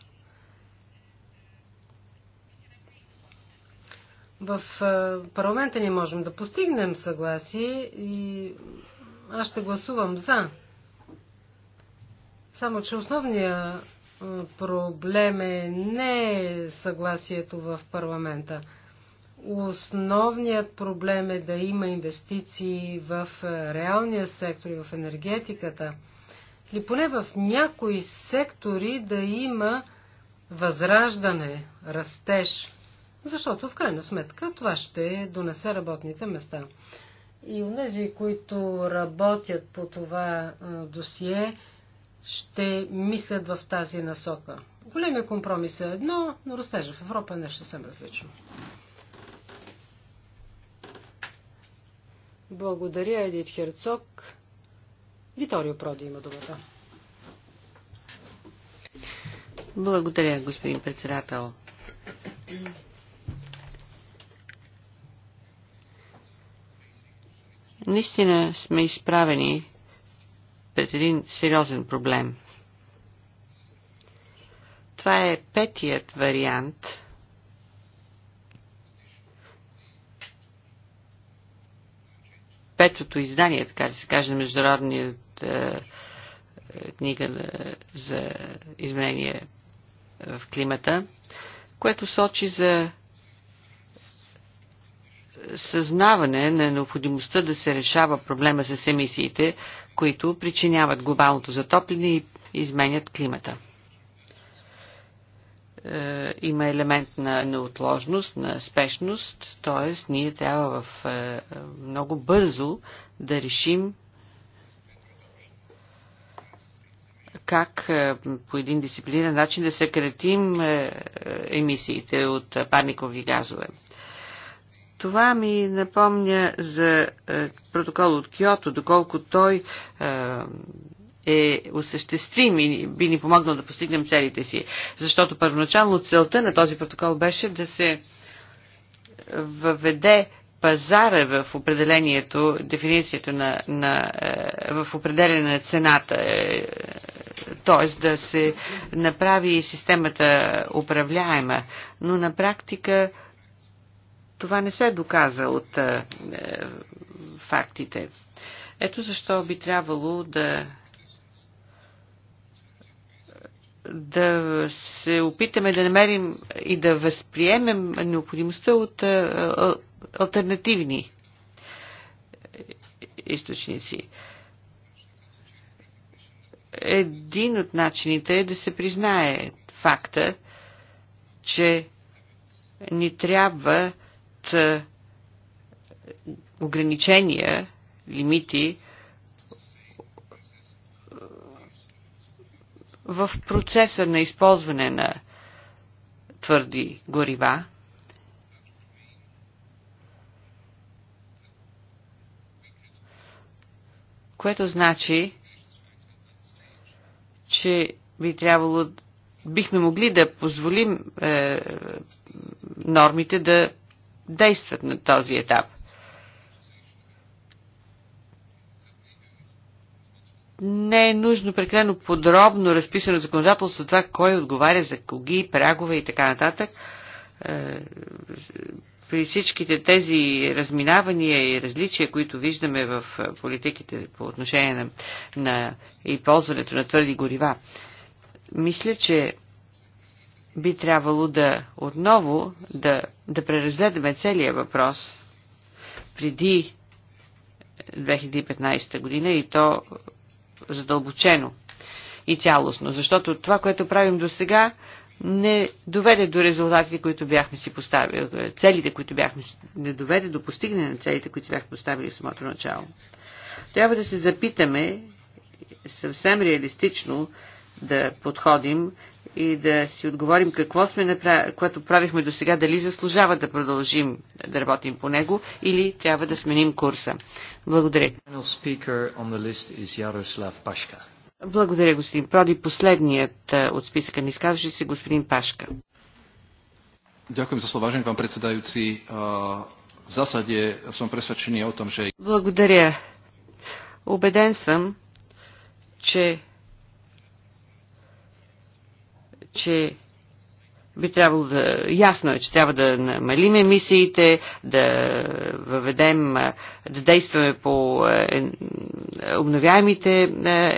В е, парламента ни можем да постигнем съгласие и аз ще гласувам за. Само, че основният проблем е не съгласието в парламента. Основният проблем е да има инвестиции в е, реалния сектор и в енергетиката. Или поне в някои сектори да има възраждане, растеж. Защото в крайна сметка това ще донесе работните места. И у нези, които работят по това е, досие, ще мислят в тази насока. Големия компромис е едно, но растежа в Европа е нещо съвсем различно. Благодаря, Едит Херцог. Виторио Проди има думата. Благодаря, господин председател. Наистина сме изправени пред един сериозен проблем. Това е петият вариант. Петото издание, така да се каже, на Международният е, е книга е, за изменение в климата, което сочи за съзнаване на необходимостта да се решава проблема с емисиите, които причиняват глобалното затопляне и изменят климата. Е, има елемент на неотложност, на спешност, т.е. ние трябва в, е, много бързо да решим как е, по един дисциплиниран начин да съкратим емисиите от парникови газове. Това ми напомня за е, протокол от Киото, доколко той е, е осъществим и би ни помогнал да постигнем целите си. Защото първоначално целта на този протокол беше да се въведе пазара в определението, дефиницията на, на е, в определене на цената, т.е. да се направи системата управляема, но на практика това не се доказа от е, е, фактите. Ето защо би трябвало да да се опитаме да намерим и да възприемем необходимостта от е, е альтернативни източници. Един от начините е да се признае факта, че ни трябва е, ограничения, лимити в процеса на използване на твърди горива. Което значи, че би трябвало, бихме могли да позволим е, нормите да действат на този етап. не е нужно прекалено подробно разписано законодателство това, кой отговаря за коги, прагове и така нататък. Е, при всичките тези разминавания и различия, които виждаме в политиките по отношение на, на и ползването на твърди горива, мисля, че би трябвало да отново да, да преразгледаме целият въпрос преди 2015 е, година и то задълбочено и цялостно, защото това, което правим до сега, не доведе до резултатите, които бяхме си поставили, е, целите, които бяхме, не доведе до постигане на целите, които бяхме поставили в самото начало. Трябва да се запитаме съвсем реалистично да подходим и да си отговорим какво сме направили, което правихме до сега, дали заслужава да продължим да работим по него или трябва да сменим курса. Благодаря. Благодаря, господин Проди. Последният от списъка ни изказваше се господин Пашка. Ďakujem за слова, vážený pán predsedajúci. V zásade som presvedčený o tom, Благодаря. Обеден съм, че че би трябвало да... Ясно е, че трябва да намалим емисиите, да въведем, да действаме по е, обновяемите е,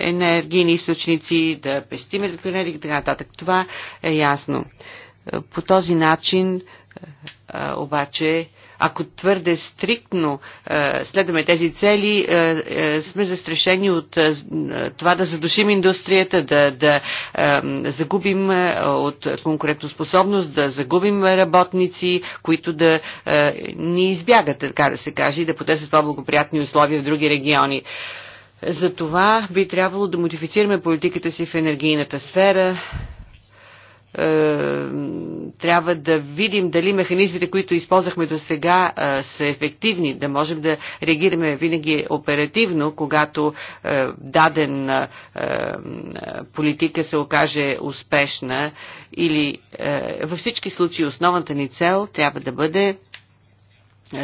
енергийни източници, да пестим електроенергия и така нататък. Това е ясно. По този начин е, обаче ако твърде стриктно е, следваме тези цели, е, е, сме застрашени от е, това да задушим индустрията, да, да е, загубим е, от конкурентоспособност, да загубим работници, които да е, ни избягат, така да се каже, и да потърсят по-благоприятни условия в други региони. За това би трябвало да модифицираме политиката си в енергийната сфера, е, трябва да видим дали механизмите, които използвахме до сега, е, са ефективни, да можем да реагираме винаги оперативно, когато е, даден политика се окаже успешна или във всички случаи основната ни цел трябва да бъде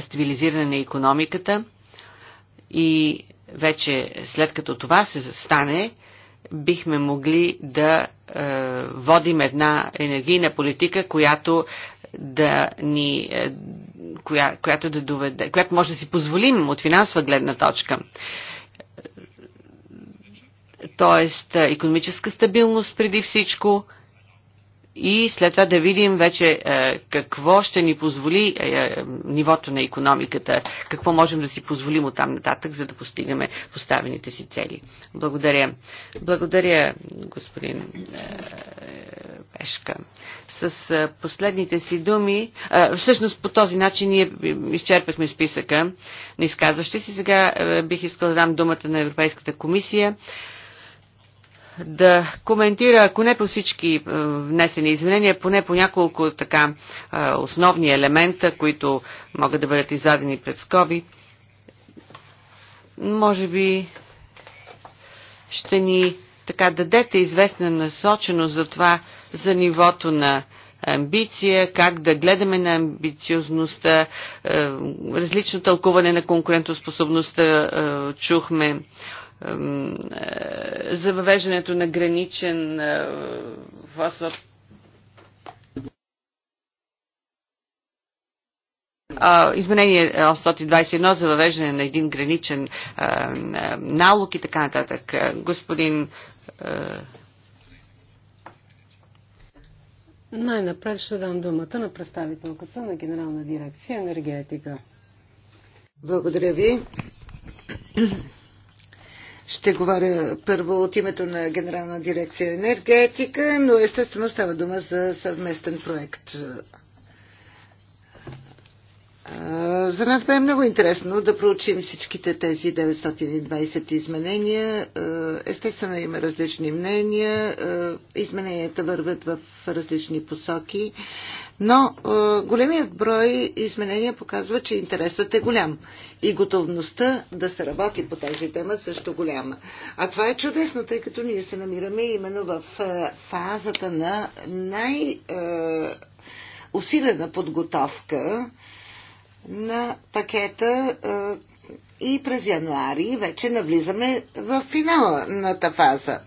стабилизиране на економиката и вече след като това се стане, бихме могли да е, водим една енергийна политика, която да ни, е, коя, която да доведе, която може да си позволим от финансова гледна точка. Тоест, економическа стабилност преди всичко, и след това да видим вече е, какво ще ни позволи е, е, нивото на економиката, какво можем да си позволим от там нататък, за да постигаме поставените си цели. Благодаря. Благодаря, господин Пешка. С последните си думи, всъщност по този начин ние изчерпахме списъка на изказващи си. Сега бих искал да дам думата на Европейската комисия да коментира, ако не по всички е, внесени изменения, поне по няколко така е, основни елемента, които могат да бъдат издадени пред скоби. Може би ще ни така дадете известна насоченост за това, за нивото на амбиция, как да гледаме на амбициозността, е, различно тълкуване на конкурентоспособността чухме. Е, за въвеждането на граничен е, фосфат изменение 121 за въвеждане на един граничен е, налог и така нататък. Господин. Най-напред ще дам думата на представителката на Генерална дирекция енергетика. Благодаря ви. Ще говоря първо от името на Генерална дирекция енергетика, но естествено става дума за съвместен проект. За нас бе много интересно да проучим всичките тези 920 изменения. Естествено има различни мнения. Измененията върват в различни посоки. Но е, големият брой изменения показва, че интересът е голям и готовността да се работи по тази тема също голяма. А това е чудесно, тъй като ние се намираме именно в е, фазата на най- е, усилена подготовка на пакета и през януари вече навлизаме в финалната фаза.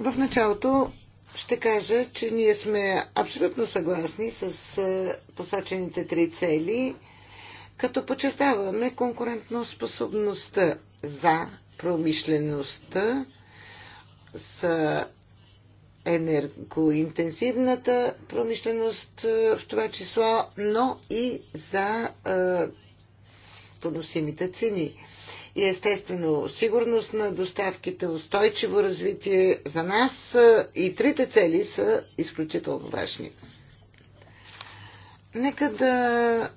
В началото ще кажа, че ние сме абсолютно съгласни с е, посочените три цели, като подчертаваме конкурентоспособността за промишлеността, с енергоинтензивната промишленост е, в това число, но и за е, поносимите цени и естествено сигурност на доставките, устойчиво развитие. За нас и трите цели са изключително важни. Нека да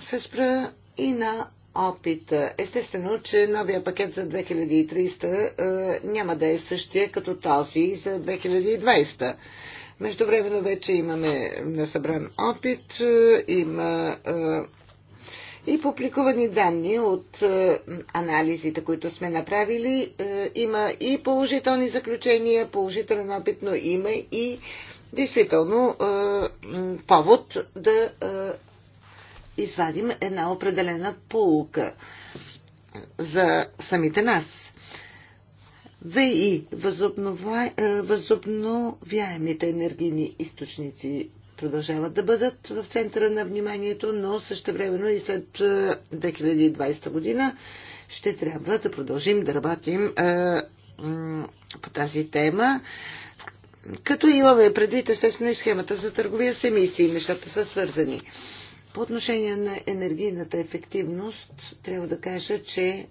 се спра и на опита. Естествено, че новия пакет за 2300 няма да е същия като този за 2020. Междувременно вече имаме насъбран опит, има и публикувани данни от е, анализите, които сме направили. Е, има и положителни заключения, положителен опит, но има и действително е, повод да извадим една определена полука за самите нас. ВИ, възобновяемите енергийни източници, продължават да бъдат в центъра на вниманието, но също времено и след 2020 е, година ще трябва да продължим да работим е, по тази тема. Като имаме предвид естествено и схемата за търговия с емисии, нещата са свързани. По отношение на енергийната ефективност, трябва да кажа, че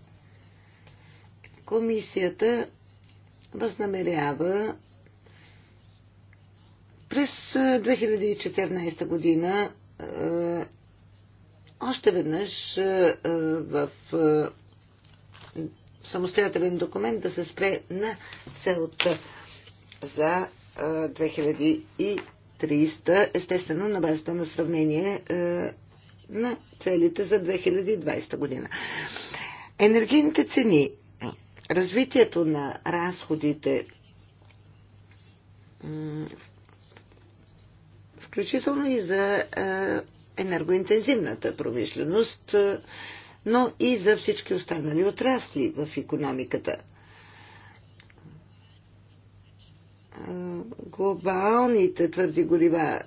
комисията възнамерява през 2014 година още веднъж в самостоятелен документ да се спре на целта за 2300, естествено на базата на сравнение на целите за 2020 година. Енергийните цени, развитието на разходите включително и за е, енергоинтензивната промишленост, е, но и за всички останали отрасли в економиката. Е, глобалните твърди горива,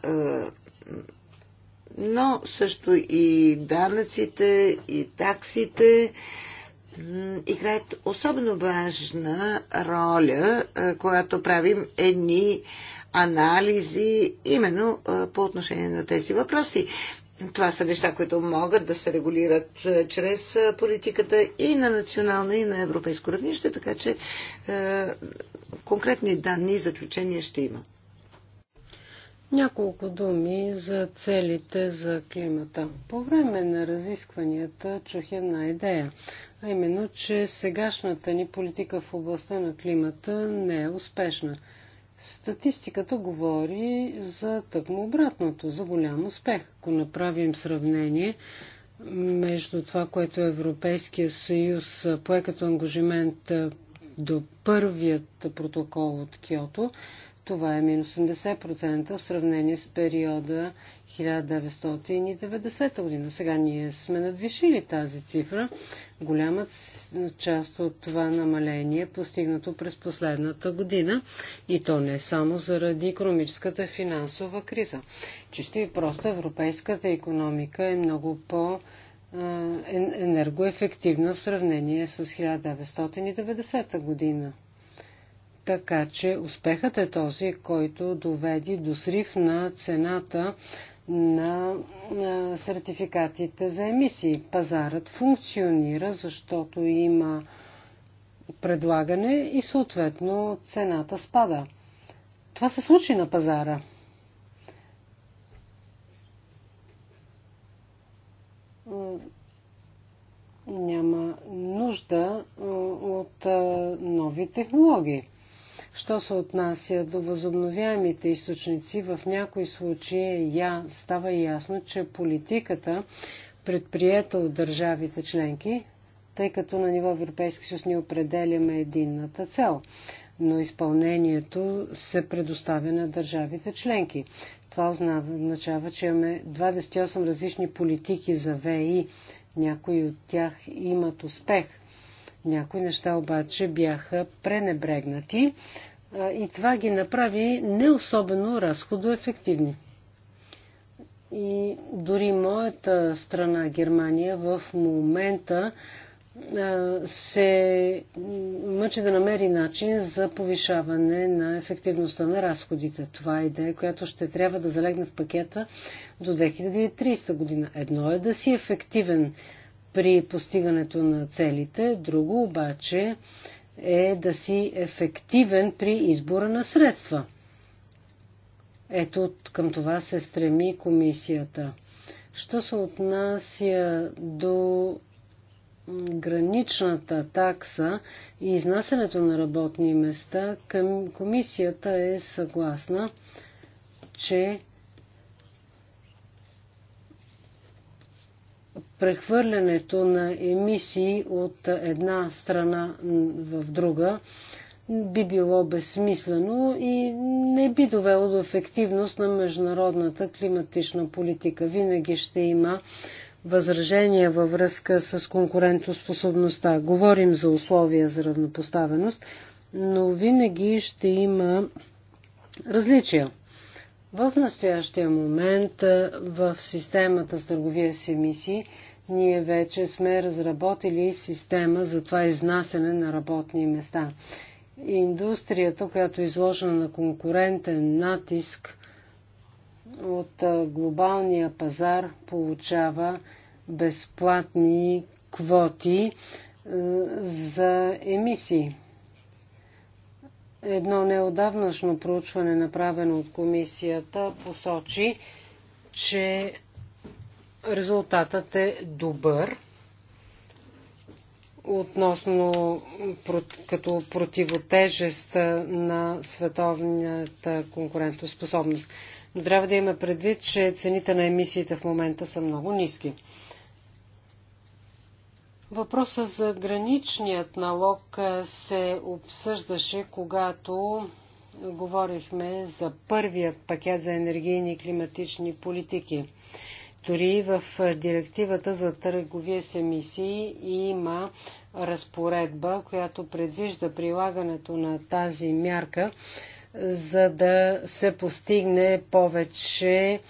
но също и данъците, и таксите, играят особено важна роля, която правим едни анализи именно по отношение на тези въпроси. Това са неща, които могат да се регулират чрез политиката и на национално, и на европейско равнище, така че е, конкретни данни и заключения ще има. Няколко думи за целите за климата. По време на разискванията чух една идея, а именно, че сегашната ни политика в областта на климата не е успешна. Статистиката говори за тъкмо обратното, за голям успех. Ако направим сравнение между това, което Европейския съюз пое като ангажимент до първият протокол от Киото, това е минус 80% в сравнение с периода 1990 година. Сега ние сме надвишили тази цифра. Голяма част от това намаление е постигнато през последната година и то не е само заради економическата финансова криза. Чисто и просто европейската економика е много по- енергоефективна в сравнение с 1990 година. Така че успехът е този, който доведи до срив на цената на сертификатите за емисии. Пазарът функционира, защото има предлагане и съответно цената спада. Това се случи на пазара. Няма нужда от нови технологии. Що се отнася до възобновяемите източници, в някои случаи я, става ясно, че политиката, предприета от държавите членки, тъй като на ниво Европейски съюз ние определяме единната цел, но изпълнението се предоставя на държавите членки. Това означава, че имаме 28 различни политики за ВИ. Някои от тях имат успех. Някои неща обаче бяха пренебрегнати и това ги направи не особено разходоефективни. И дори моята страна, Германия, в момента се мъчи да намери начин за повишаване на ефективността на разходите. Това е идея, която ще трябва да залегне в пакета до 2030 година. Едно е да си ефективен при постигането на целите, друго обаче е да си ефективен при избора на средства. Ето към това се стреми комисията. Що се отнася до граничната такса и изнасянето на работни места, към комисията е съгласна, че прехвърлянето на емисии от една страна в друга би било безсмислено и не би довело до ефективност на международната климатична политика. Винаги ще има възражения във връзка с конкурентоспособността. Говорим за условия за равнопоставеност, но винаги ще има различия. В настоящия момент в системата с търговия с емисии ние вече сме разработили система за това изнасяне на работни места. Индустрията, която е изложена на конкурентен натиск от глобалния пазар, получава безплатни квоти за емисии. Едно неодавнашно проучване, направено от комисията, посочи, че Резултатът е добър относно като противотежест на световната конкурентоспособност. Но трябва да има предвид, че цените на емисиите в момента са много ниски. Въпросът за граничният налог се обсъждаше, когато говорихме за първият пакет за енергийни и климатични политики. Дори в директивата за търговия с емисии има разпоредба, която предвижда прилагането на тази мярка, за да се постигне повече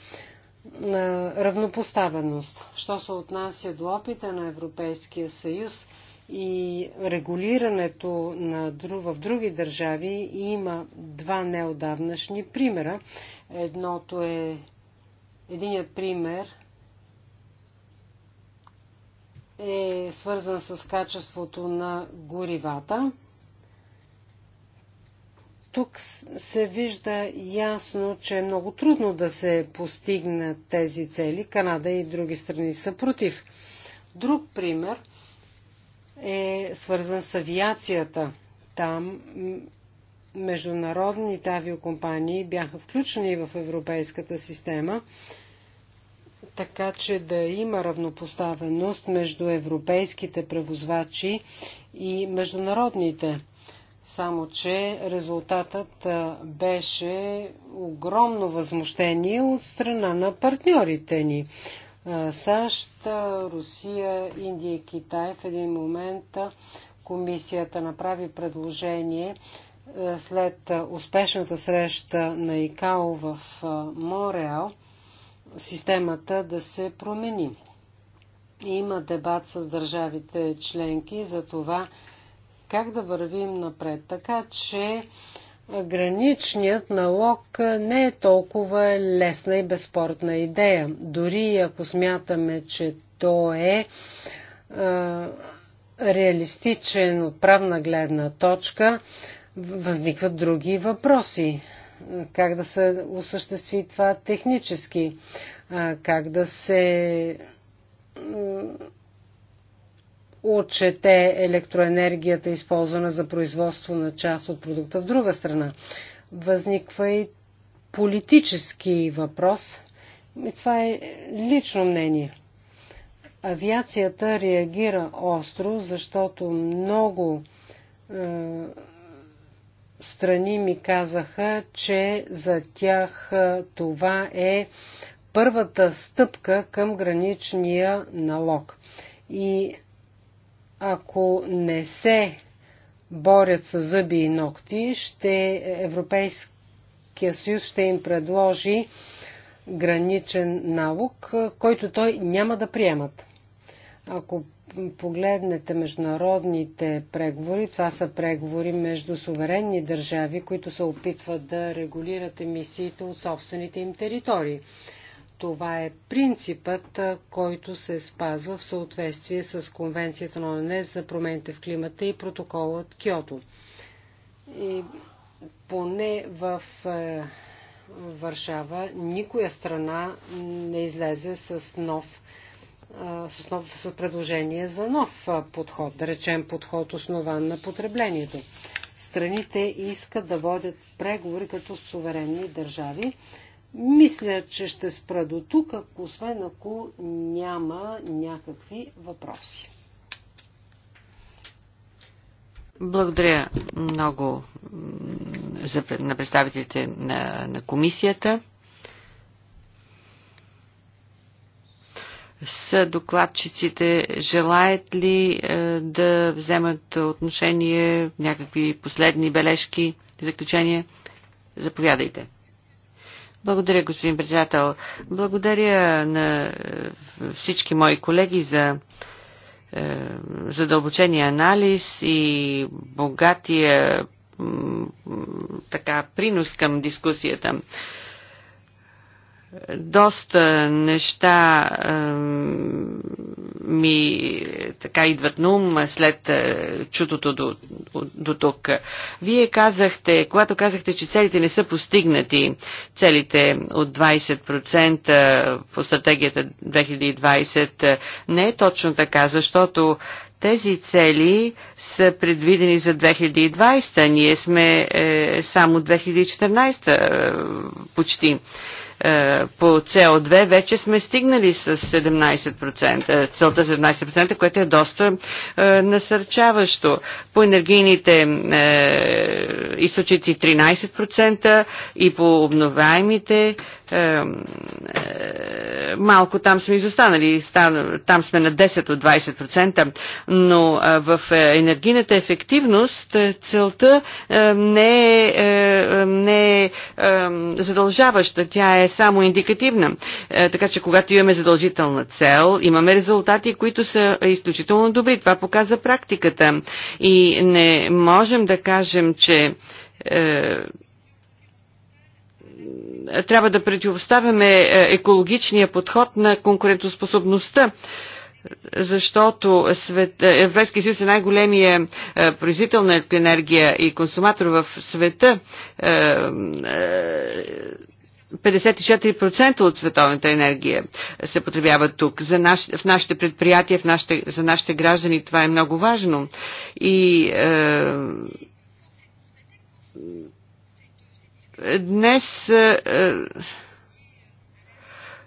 равнопоставеност. Що се отнася до опита на Европейския съюз и регулирането на, в други държави, има два неодавнашни примера. Едното е Единият пример е свързан с качеството на горивата. Тук се вижда ясно, че е много трудно да се постигнат тези цели. Канада и други страни са против. Друг пример е свързан с авиацията. Там международните авиокомпании бяха включени в европейската система така че да има равнопоставеност между европейските превозвачи и международните. Само, че резултатът беше огромно възмущение от страна на партньорите ни. САЩ, Русия, Индия и Китай в един момент комисията направи предложение след успешната среща на ИКАО в Мореал – системата да се промени. Има дебат с държавите членки за това как да вървим напред. Така че граничният налог не е толкова лесна и безспортна идея. Дори ако смятаме, че то е реалистичен от правна гледна точка, възникват други въпроси как да се осъществи това технически, как да се отчете електроенергията, използвана за производство на част от продукта в друга страна. Възниква и политически въпрос. И това е лично мнение. Авиацията реагира остро, защото много страни ми казаха, че за тях това е първата стъпка към граничния налог. И ако не се борят с зъби и ногти, ще Европейския съюз ще им предложи граничен налог, който той няма да приемат. Ако погледнете международните преговори, това са преговори между суверенни държави, които се опитват да регулират емисиите от собствените им територии. Това е принципът, който се спазва в съответствие с Конвенцията на ОНЕ за промените в климата и протокола от Киото. И поне в е, Варшава никоя страна не излезе с нов с, нов, с предложение за нов подход, да речем подход основан на потреблението. Страните искат да водят преговори като суверенни държави. Мисля, че ще спра до тук, ако, освен ако няма някакви въпроси. Благодаря много за, на представителите на, на комисията. с докладчиците? Желаят ли е, да вземат отношение, някакви последни бележки, заключения? Заповядайте. Благодаря, господин председател. Благодаря на е, всички мои колеги за е, задълбочения анализ и богатия така принос към дискусията доста неща е, ми така идват на ум след е, чутото до, до тук. Вие казахте, когато казахте, че целите не са постигнати, целите от 20% по стратегията 2020, е, не е точно така, защото тези цели са предвидени за 2020, ние сме е, само 2014 е, почти. Е, по CO2 вече сме стигнали с 17%, целта 17%, което е доста е, насърчаващо. По енергийните е, източници 13% и по обновяемите е, малко там сме изостанали, там сме на 10 от 20%, но в е, енергийната ефективност е, целта не е, не е задължаваща, тя е само индикативна. Така че когато имаме задължителна цел, имаме резултати, които са изключително добри. Това показва практиката. И не можем да кажем, че трябва да противоставяме е, екологичния подход на конкурентоспособността защото свет, е, Европейския съюз е най-големия е, производител на енергия и консуматор в света. 54% от световната енергия се потребява тук. За наш, в нашите предприятия, в нашите, за нашите граждани това е много важно. И е, Днес е, е,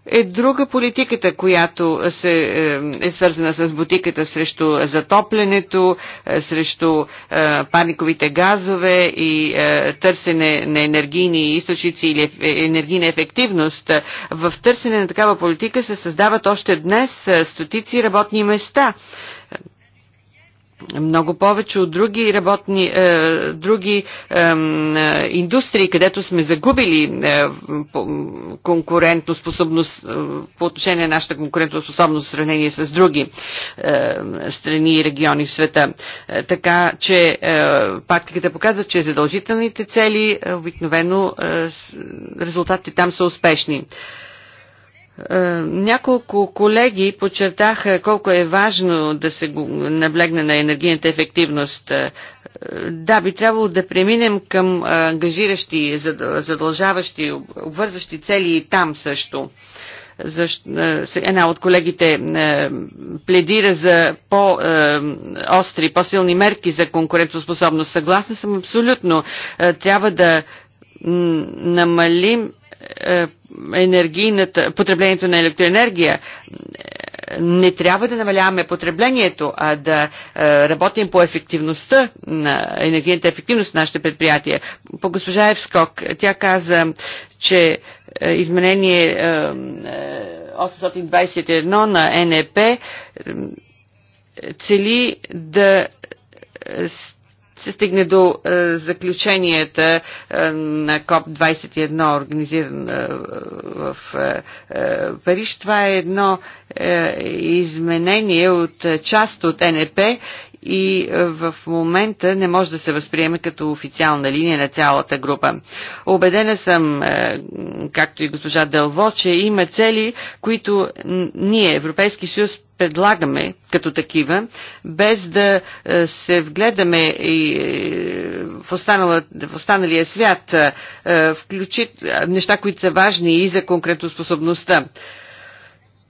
е друга политиката, която се, е, е свързана с бутиката срещу затоплянето, срещу паниковите газове и търсене на енергийни източници или енергийна ефективност. В търсене на такава политика се създават още днес стотици работни места много повече от други работни, е, други е, индустрии, където сме загубили е, конкурентно способност е, по отношение на нашата конкурентно способност в сравнение с други е, страни и региони в света. Е, така че е, практиката показва, че задължителните цели е, обикновено е, резултатите там са успешни. Е, е, няколко колеги подчертаха колко е важно да се наблегне на енергийната ефективност. Е, да, би трябвало да преминем към е, ангажиращи, задължаващи, обвързващи цели и там също. Защо, една от колегите пледира за по-остри, по-силни мерки за конкурентоспособност. Съгласна съм абсолютно. Трябва да намалим е, енергийната, потреблението на електроенергия. Е, не трябва да намаляваме потреблението, а да е, работим по ефективността на енергийната ефективност на нашите предприятия. По госпожа Евскок, тя каза, че изменение 821 на НЕП цели да се стигне до е, заключенията е, на КОП-21, организиран е, в е, е Париж. Това е едно е, изменение от част от НП е и е, в момента не може да се възприеме като официална линия на цялата група. Обедена съм, е, както и госпожа Дълво, че има цели, които ние, Европейски съюз, предлагаме като такива, без да е, се вгледаме и в, останала, в останалия свят, включи неща, които са важни и за конкретоспособността. способността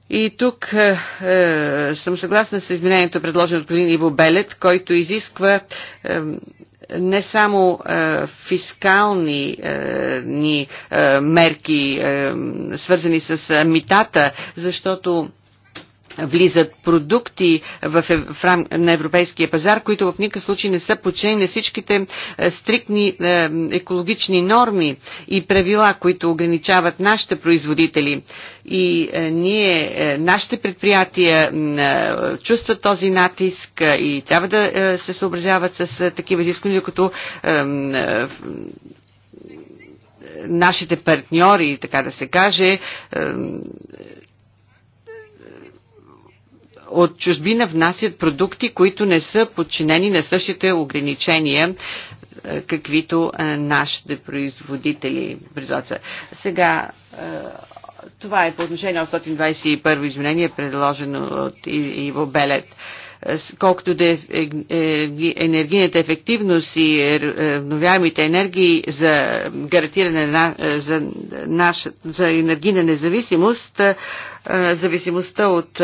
и тук е, е, съм съгласна с изменението, предложено от господин Иво Белет, който изисква е, не само е, фискални е, ни, е, мерки, е, свързани с е, митата, защото влизат продукти в, в, рам, на европейския пазар, които в никакъв случай не са подчинени на всичките е, стриктни е, екологични норми и правила, които ограничават нашите производители. И е, ние, е, нашите предприятия е, чувстват този натиск е, и трябва да е, се съобразяват с е, такива изисквания, като е, е, нашите партньори, така да се каже, е, от чужбина внасят продукти, които не са подчинени на същите ограничения, е, каквито е, нашите производители. Сега е, това е по отношение на 121 изменение, предложено от Иво Белет е, колкото да е, е, е енергийната ефективност и обновяемите енергии за гарантиране на, за, наш, за енергийна независимост, зависимостта от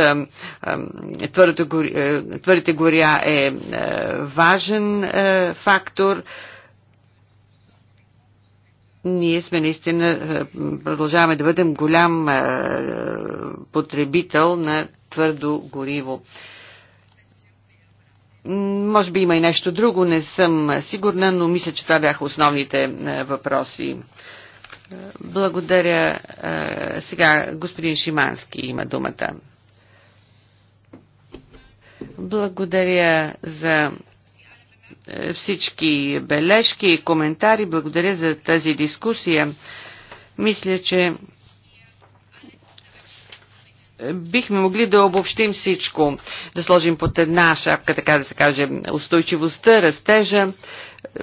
твърдите горя е важен фактор ние сме наистина, е, продължаваме да бъдем голям е, потребител на твърдо гориво. Може би има и нещо друго, не съм сигурна, но мисля, че това бяха основните е, въпроси. Благодаря. Сега господин Шимански има думата. Благодаря за е, всички бележки и коментари. Благодаря за тази дискусия. Мисля, че бихме могли да обобщим всичко, да сложим под една шапка, така да се каже, устойчивостта, растежа,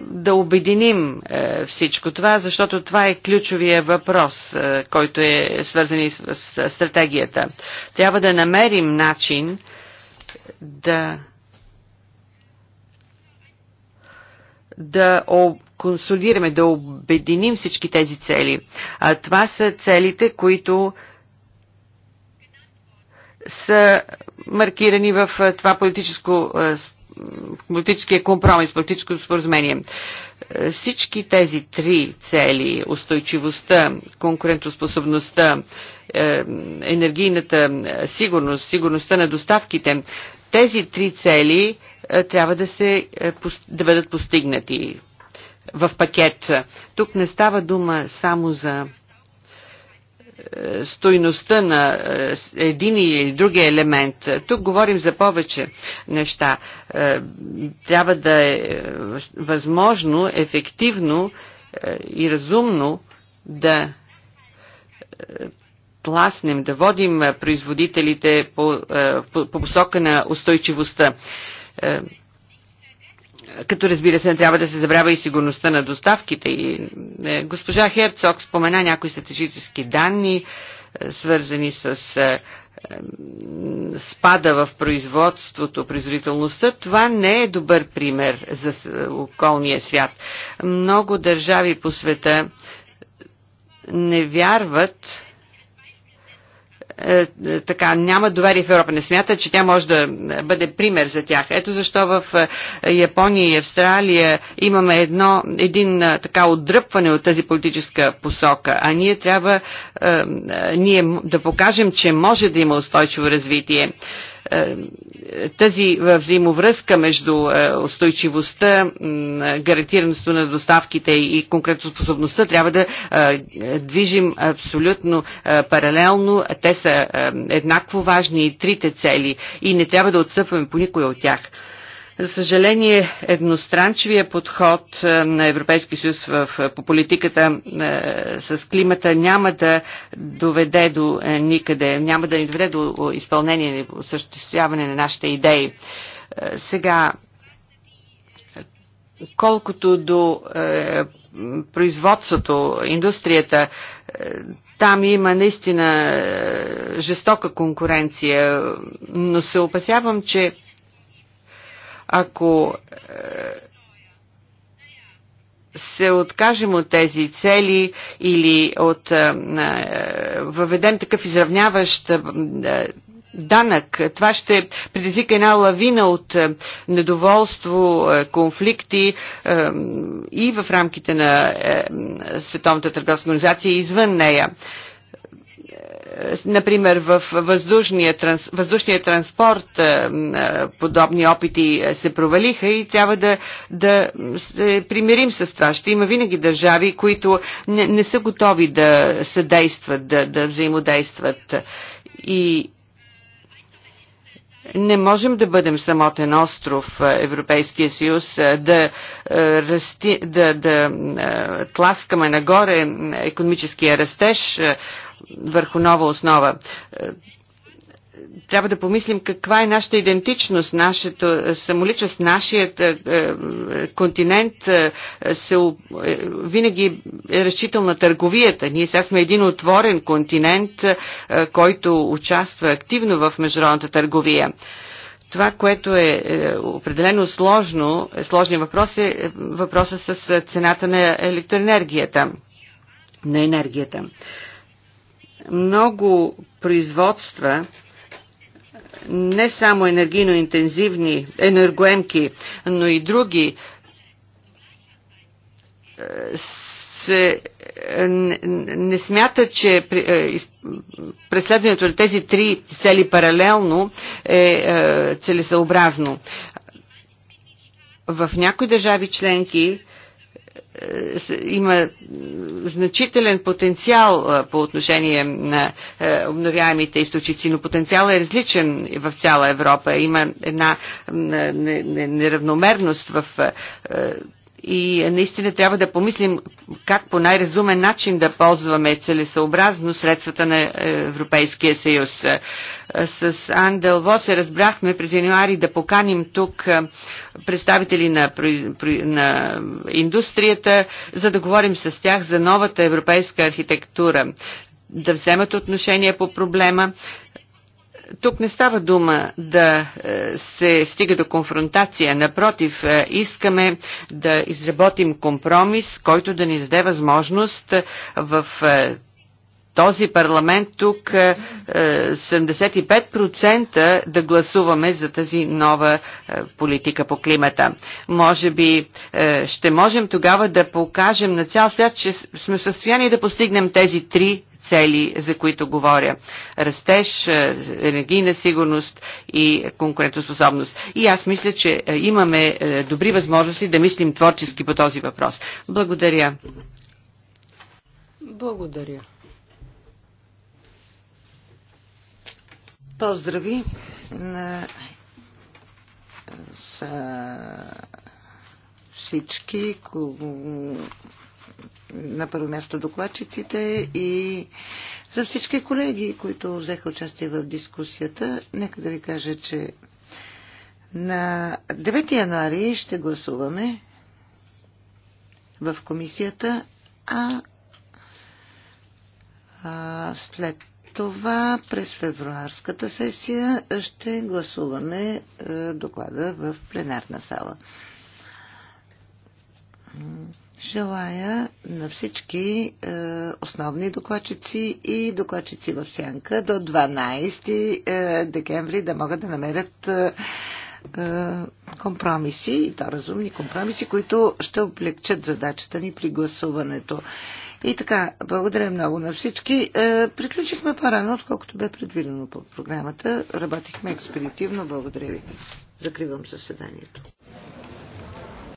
да обединим е, всичко това, защото това е ключовия въпрос, е, който е свързан и с стратегията. Трябва да намерим начин да да консолидираме, да обединим всички тези цели. А това са целите, които са маркирани в това политическо, политическия компромис, политическо споразумение. Всички тези три цели устойчивостта, конкурентоспособността, е, енергийната сигурност, сигурността на доставките тези три цели е, трябва да, се, е, да бъдат постигнати в пакет. Тук не става дума само за е, стойността на един или другия елемент. Тук говорим за повече неща. Трябва да е възможно, ефективно и разумно да тласнем, да водим производителите по, по, по посока на устойчивостта. Е, като разбира се, не трябва да се забравя и сигурността на доставките. И, е, госпожа Херцог спомена някои статистически данни, е, свързани с спада в производството, производителността, това не е добър пример за околния свят. Много държави по света не вярват е, е, така, няма доверие в Европа, не смятат, че тя може да бъде пример за тях. Ето защо в е, Япония и Австралия имаме едно, един така отдръпване от тази политическа посока, а ние трябва е, ние да покажем, че може да има устойчиво развитие. Е, тази взаимовръзка между е, устойчивостта, гарантирането на доставките и конкретно способността трябва да е, движим абсолютно паралелно. Те са еднакво важни и трите цели и не трябва да отстъпваме по никой от тях. За съжаление, едностранчивия подход е, на Европейския съюз в, по политиката е, с климата няма да доведе до е, никъде, няма да ни доведе до изпълнение, и осъществяване на нашите идеи. Сега, колкото до е, производството, индустрията, е, там има наистина жестока конкуренция, но се опасявам, че ако е, се откажем от тези цели или от е, е, въведем такъв изравняващ данък. Това ще предизвика една лавина от недоволство, конфликти и в рамките на Световната търговска организация и извън нея. Е, например, в въздушния, транс, въздушния транспорт е, е, подобни опити се провалиха и трябва да, да се примирим с това. Ще има винаги държави, които не, не са готови да съдействат, да, да взаимодействат. И не можем да бъдем самотен остров Европейския съюз, да, расти, да, да тласкаме нагоре економическия растеж, върху нова основа. Е, трябва да помислим каква е нашата идентичност, нашето е, самоличност, нашият е, континент се, винаги е разчитал на търговията. Ние сега сме един отворен континент, който участва активно в международната търговия. Това, което е определено сложно, сложният въпрос е въпроса с цената на електроенергията, на енергията. Много производства, не само енергийно интензивни, енергоемки, но и други, е, се, не, не смята, че е, преследването на тези три цели паралелно е, е целесъобразно. В някои държави членки има значителен потенциал по отношение на обновяемите източници, но потенциалът е различен в цяла Европа. Има една неравномерност в и наистина трябва да помислим как по най-разумен начин да ползваме целесообразно средствата на е, Европейския съюз. Е, с Андел се разбрахме през януари да поканим тук е, представители на, на индустрията, за да говорим с тях за новата европейска архитектура да вземат отношение по проблема, тук не става дума да е, се стига до конфронтация. Напротив, е, искаме да изработим компромис, който да ни даде възможност в е, този парламент тук 75% да гласуваме за тази нова политика по климата. Може би ще можем тогава да покажем на цял свят, че сме в състояние да постигнем тези три цели, за които говоря. Растеж, е, енергийна сигурност и конкурентоспособност. И аз мисля, че е, имаме е, добри възможности да мислим творчески по този въпрос. Благодаря. Благодаря. Поздрави на са всички, на първо място докладчиците и за всички колеги, които взеха участие в дискусията. Нека да ви кажа, че на 9 януари ще гласуваме в комисията, а, а след това през февруарската сесия ще гласуваме е, доклада в пленарна сала. Желая на всички е, основни докладчици и докладчици в сянка до 12 е, декември да могат да намерят е, е, компромиси и то разумни компромиси, които ще облегчат задачата ни при гласуването. И така, благодаря много на всички. Е, приключихме по-рано, отколкото бе предвидено по програмата. Работихме експедитивно. Благодаря ви. Закривам заседанието.